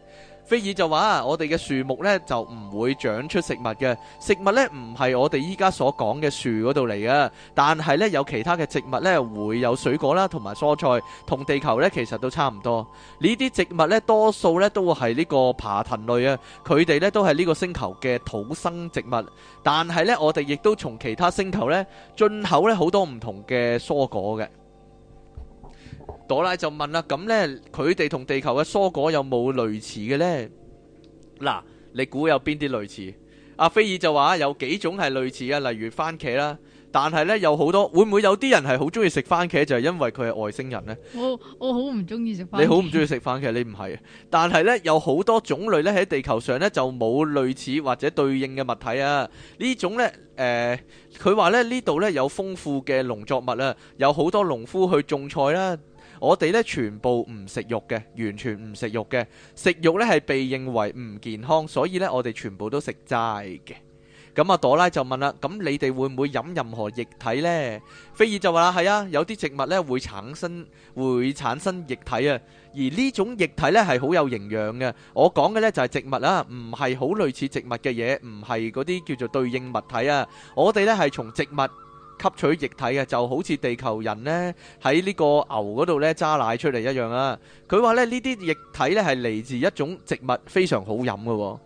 菲爾就話：我哋嘅樹木呢就唔會長出食物嘅，食物呢唔係我哋依家所講嘅樹嗰度嚟嘅，但係呢有其他嘅植物呢會有水果啦同埋蔬菜，同地球呢其實都差唔多。呢啲植物呢多數呢都係呢個爬藤類啊，佢哋呢都係呢個星球嘅土生植物，但係呢，我哋亦都從其他星球呢進口呢好多唔同嘅蔬果嘅。朵拉就問啦、啊：咁呢，佢哋同地球嘅蔬果有冇類似嘅呢？嗱、啊，你估有邊啲類似？阿菲爾就話、啊、有幾種係類似嘅，例如番茄啦。但係呢，有好多會唔會有啲人係好中意食番茄，就係因為佢係外星人呢？我我好唔中意食番茄，你好唔中意食番茄，你唔係。但係呢，有好多種類呢，喺地球上呢，就冇類似或者對應嘅物體啊。呢種呢，誒、呃，佢話呢，呢度呢，有豐富嘅農作物啊，有好多農夫去種菜啦。我哋咧全部唔食肉嘅，完全唔食肉嘅。食肉咧係被認為唔健康，所以咧我哋全部都食齋嘅。咁啊，朵拉就問啦：咁你哋會唔會飲任何液體咧？菲爾就話啦：係啊，有啲植物咧會產生，會產生液體啊。而呢種液體咧係好有營養嘅。我講嘅咧就係植物啦，唔係好類似植物嘅嘢，唔係嗰啲叫做對應物體啊。我哋咧係從植物吸取液體嘅，就好似地球人呢喺呢個牛嗰度呢揸奶出嚟一樣啊！佢話咧，呢啲液體呢係嚟自一種植物，非常好飲嘅喎，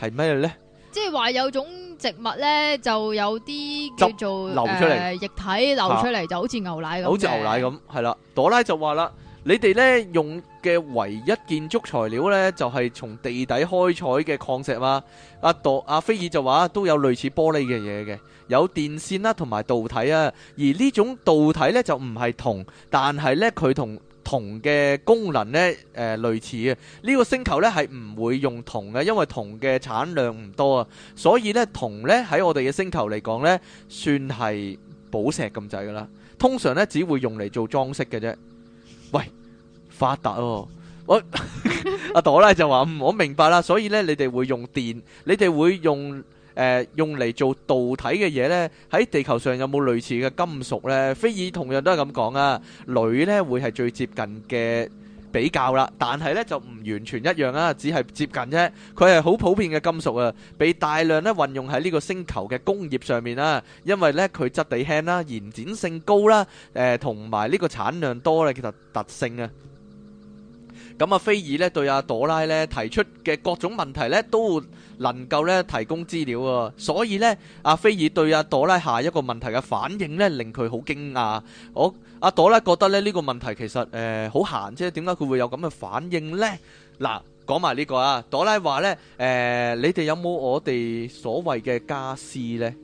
係咩呢？即係話有種植物呢，就有啲叫做流出嚟、呃、液體流出嚟就好似牛奶咁，好似牛奶咁，係啦。朵拉就話啦。你哋咧用嘅唯一建築材料呢，就係、是、從地底開採嘅礦石嘛、啊？阿杜阿菲爾就話都有類似玻璃嘅嘢嘅，有電線啦同埋導體啊。而呢種導體呢，就唔係銅，但係呢，佢同銅嘅功能呢誒、呃、類似啊。呢、這個星球呢，係唔會用銅嘅，因為銅嘅產量唔多啊。所以呢，銅呢喺我哋嘅星球嚟講呢，算係寶石咁滯噶啦。通常呢，只會用嚟做裝飾嘅啫。喂，發達哦！我阿朵拉就話：嗯，我明白啦。所以咧，你哋會用電，你哋會用誒用嚟做導體嘅嘢咧。喺地球上有冇類似嘅金屬咧？菲爾同樣都係咁講啊。鋁咧會係最接近嘅比較啦，但係咧就唔完全一樣啦，只係接近啫。佢係好普遍嘅金屬啊，被大量咧運用喺呢個星球嘅工業上面啦。因為咧佢質地輕啦，延展性高啦，誒同埋呢個產量多咧嘅特特性啊。咁阿菲爾咧對阿朵拉咧提出嘅各種問題咧都能夠咧提供資料喎，所以咧阿菲爾對阿朵拉下一個問題嘅反應咧令佢好驚訝。我阿朵拉覺得咧呢個問題其實誒好閒，即係點解佢會有咁嘅反應咧？嗱，講埋呢個啊，朵拉話咧誒，你哋有冇我哋所謂嘅家私咧？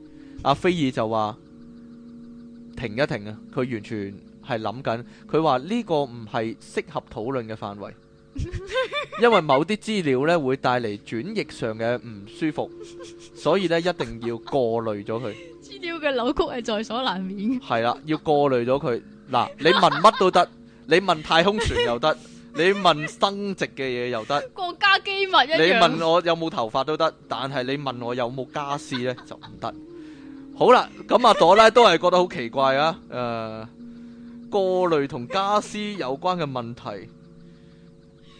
阿菲爾就話，停一停啊，佢完全係諗緊，佢話呢個唔係適合討論嘅範圍。因為某啲資料咧會帶嚟轉譯上嘅唔舒服，所以咧一定要過濾咗佢。資料嘅扭曲係在所難免嘅。係啦，要過濾咗佢。嗱，你問乜都得，你問太空船又得，你問生殖嘅嘢又得，國家機密一樣。你問我有冇頭髮都得，但係你問我有冇家私咧就唔得。好啦，咁阿朵拉都係覺得好奇怪啊。誒，過濾同家私有關嘅問題。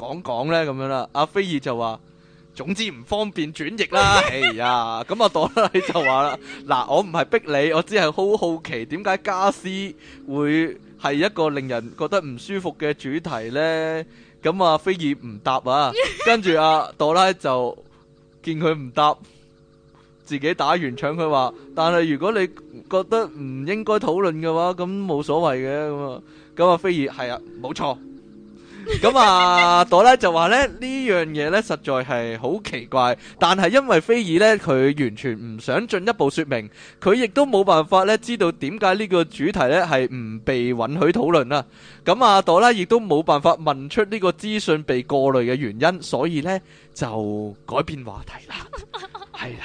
講講呢，咁樣啦，阿菲爾就話，總之唔方便轉譯啦。 哎呀，咁啊朵拉就話啦，嗱，我唔係逼你，我只係好好奇點解家私會係一個令人覺得唔舒服嘅主題呢？嗯。咁啊菲爾唔答啊， 跟住阿朵拉就見佢唔答，自己打圓場，佢話，但係如果你覺得唔應該討論嘅話，咁冇所謂嘅咁啊，咁啊菲爾係啊，冇、嗯、錯。咁啊，朵拉就話咧呢樣嘢咧實在係好奇怪，但係因為菲爾咧佢完全唔想進一步說明，佢亦都冇辦法咧知道點解呢個主題咧係唔被允許討論啦。咁啊，朵拉亦都冇辦法問出呢個資訊被過濾嘅原因，所以咧就改變話題啦。係啦，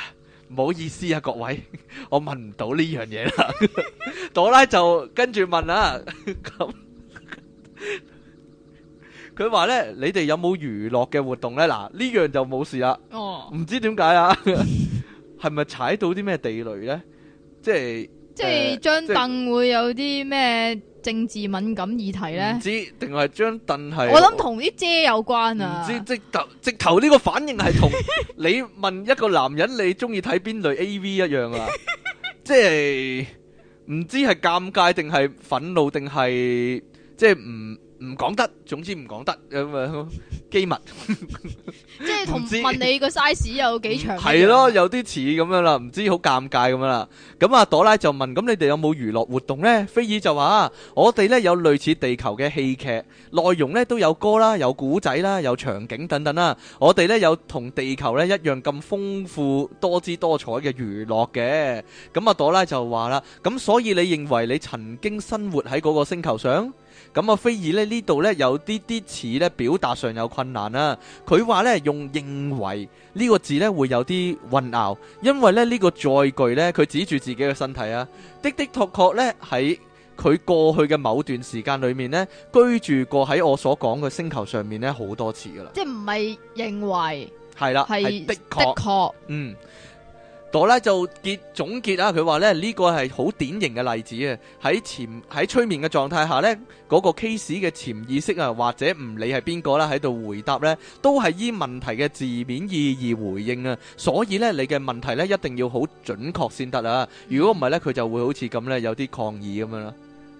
唔好意思啊，各位，我問唔到呢樣嘢啦。朵拉就跟住問啦，咁。佢話咧，你哋有冇娛樂嘅活動咧？嗱，呢樣就冇事啦。哦，唔知點解啊？係 咪踩到啲咩地雷咧？即係即係張凳會有啲咩政治敏感議題咧？唔知定係張凳係？我諗同啲遮有關啊。唔知直頭直頭呢個反應係同你問一個男人你中意睇邊類 AV 一樣啊？ 即係唔知係尷尬定係憤怒定係即係唔？唔講得，總之唔講得，咁樣機密。即係同問你個 size 有幾長？係咯，有啲似咁樣啦，唔知好尷尬咁樣啦。咁啊，朵拉就問：咁你哋有冇娛樂活動呢？菲爾就話：我哋呢有類似地球嘅戲劇，內容呢都有歌啦，有古仔啦，有場景等等啦。我哋呢有同地球呢一樣咁豐富多姿多彩嘅娛樂嘅。咁啊，朵拉就話啦：咁所以你認為你曾經生活喺嗰個星球上？咁啊，菲爾、嗯、呢度呢，有啲啲似呢，表達上有困難啦、啊。佢話呢，用認為呢、這個字呢，會有啲混淆，因為呢、這個載具呢，佢指住自己嘅身體啊，的的確確呢，喺佢過去嘅某段時間裏面呢，居住過喺我所講嘅星球上面呢，好多次噶啦，即係唔係認為係啦，係了的確確確嗯。我咧就結總結啊，佢話咧呢個係好典型嘅例子啊！喺潛喺催眠嘅狀態下咧，嗰個 case 嘅潛意識啊，或者唔理係邊個啦，喺度回答咧，都係以問題嘅字面意義而回應啊！所以咧，你嘅問題咧一定要好準確先得啊！如果唔係咧，佢就會好似咁咧有啲抗議咁樣啦。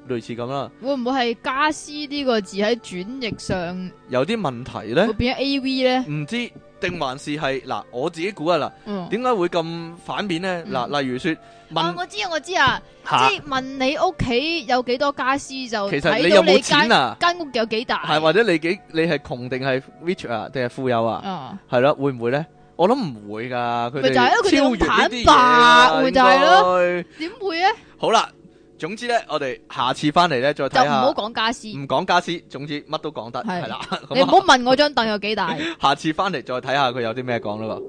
類似咁啦，會唔會係傢俬呢個字喺轉譯上有啲問題咧？會變咗 AV 咧？唔知定還是係嗱，我自己估啊嗱，點解會咁反面咧？嗱，例如說，問我知啊，我知啊，即係問你屋企有幾多傢俬就，其實你有冇錢啊？間屋有幾大？係或者你幾你係窮定係 rich 啊？定係富有啊？係咯，會唔會咧？我諗唔會噶，佢哋超越呢啲嘢，咁坦白，咪就係咯？點會咧？好啦。總之咧，我哋下次翻嚟咧再睇下就唔好講家私，唔講家私。總之乜都講得係啦。你唔好問我張凳有幾大。 下次翻嚟再睇下佢有啲咩講咯。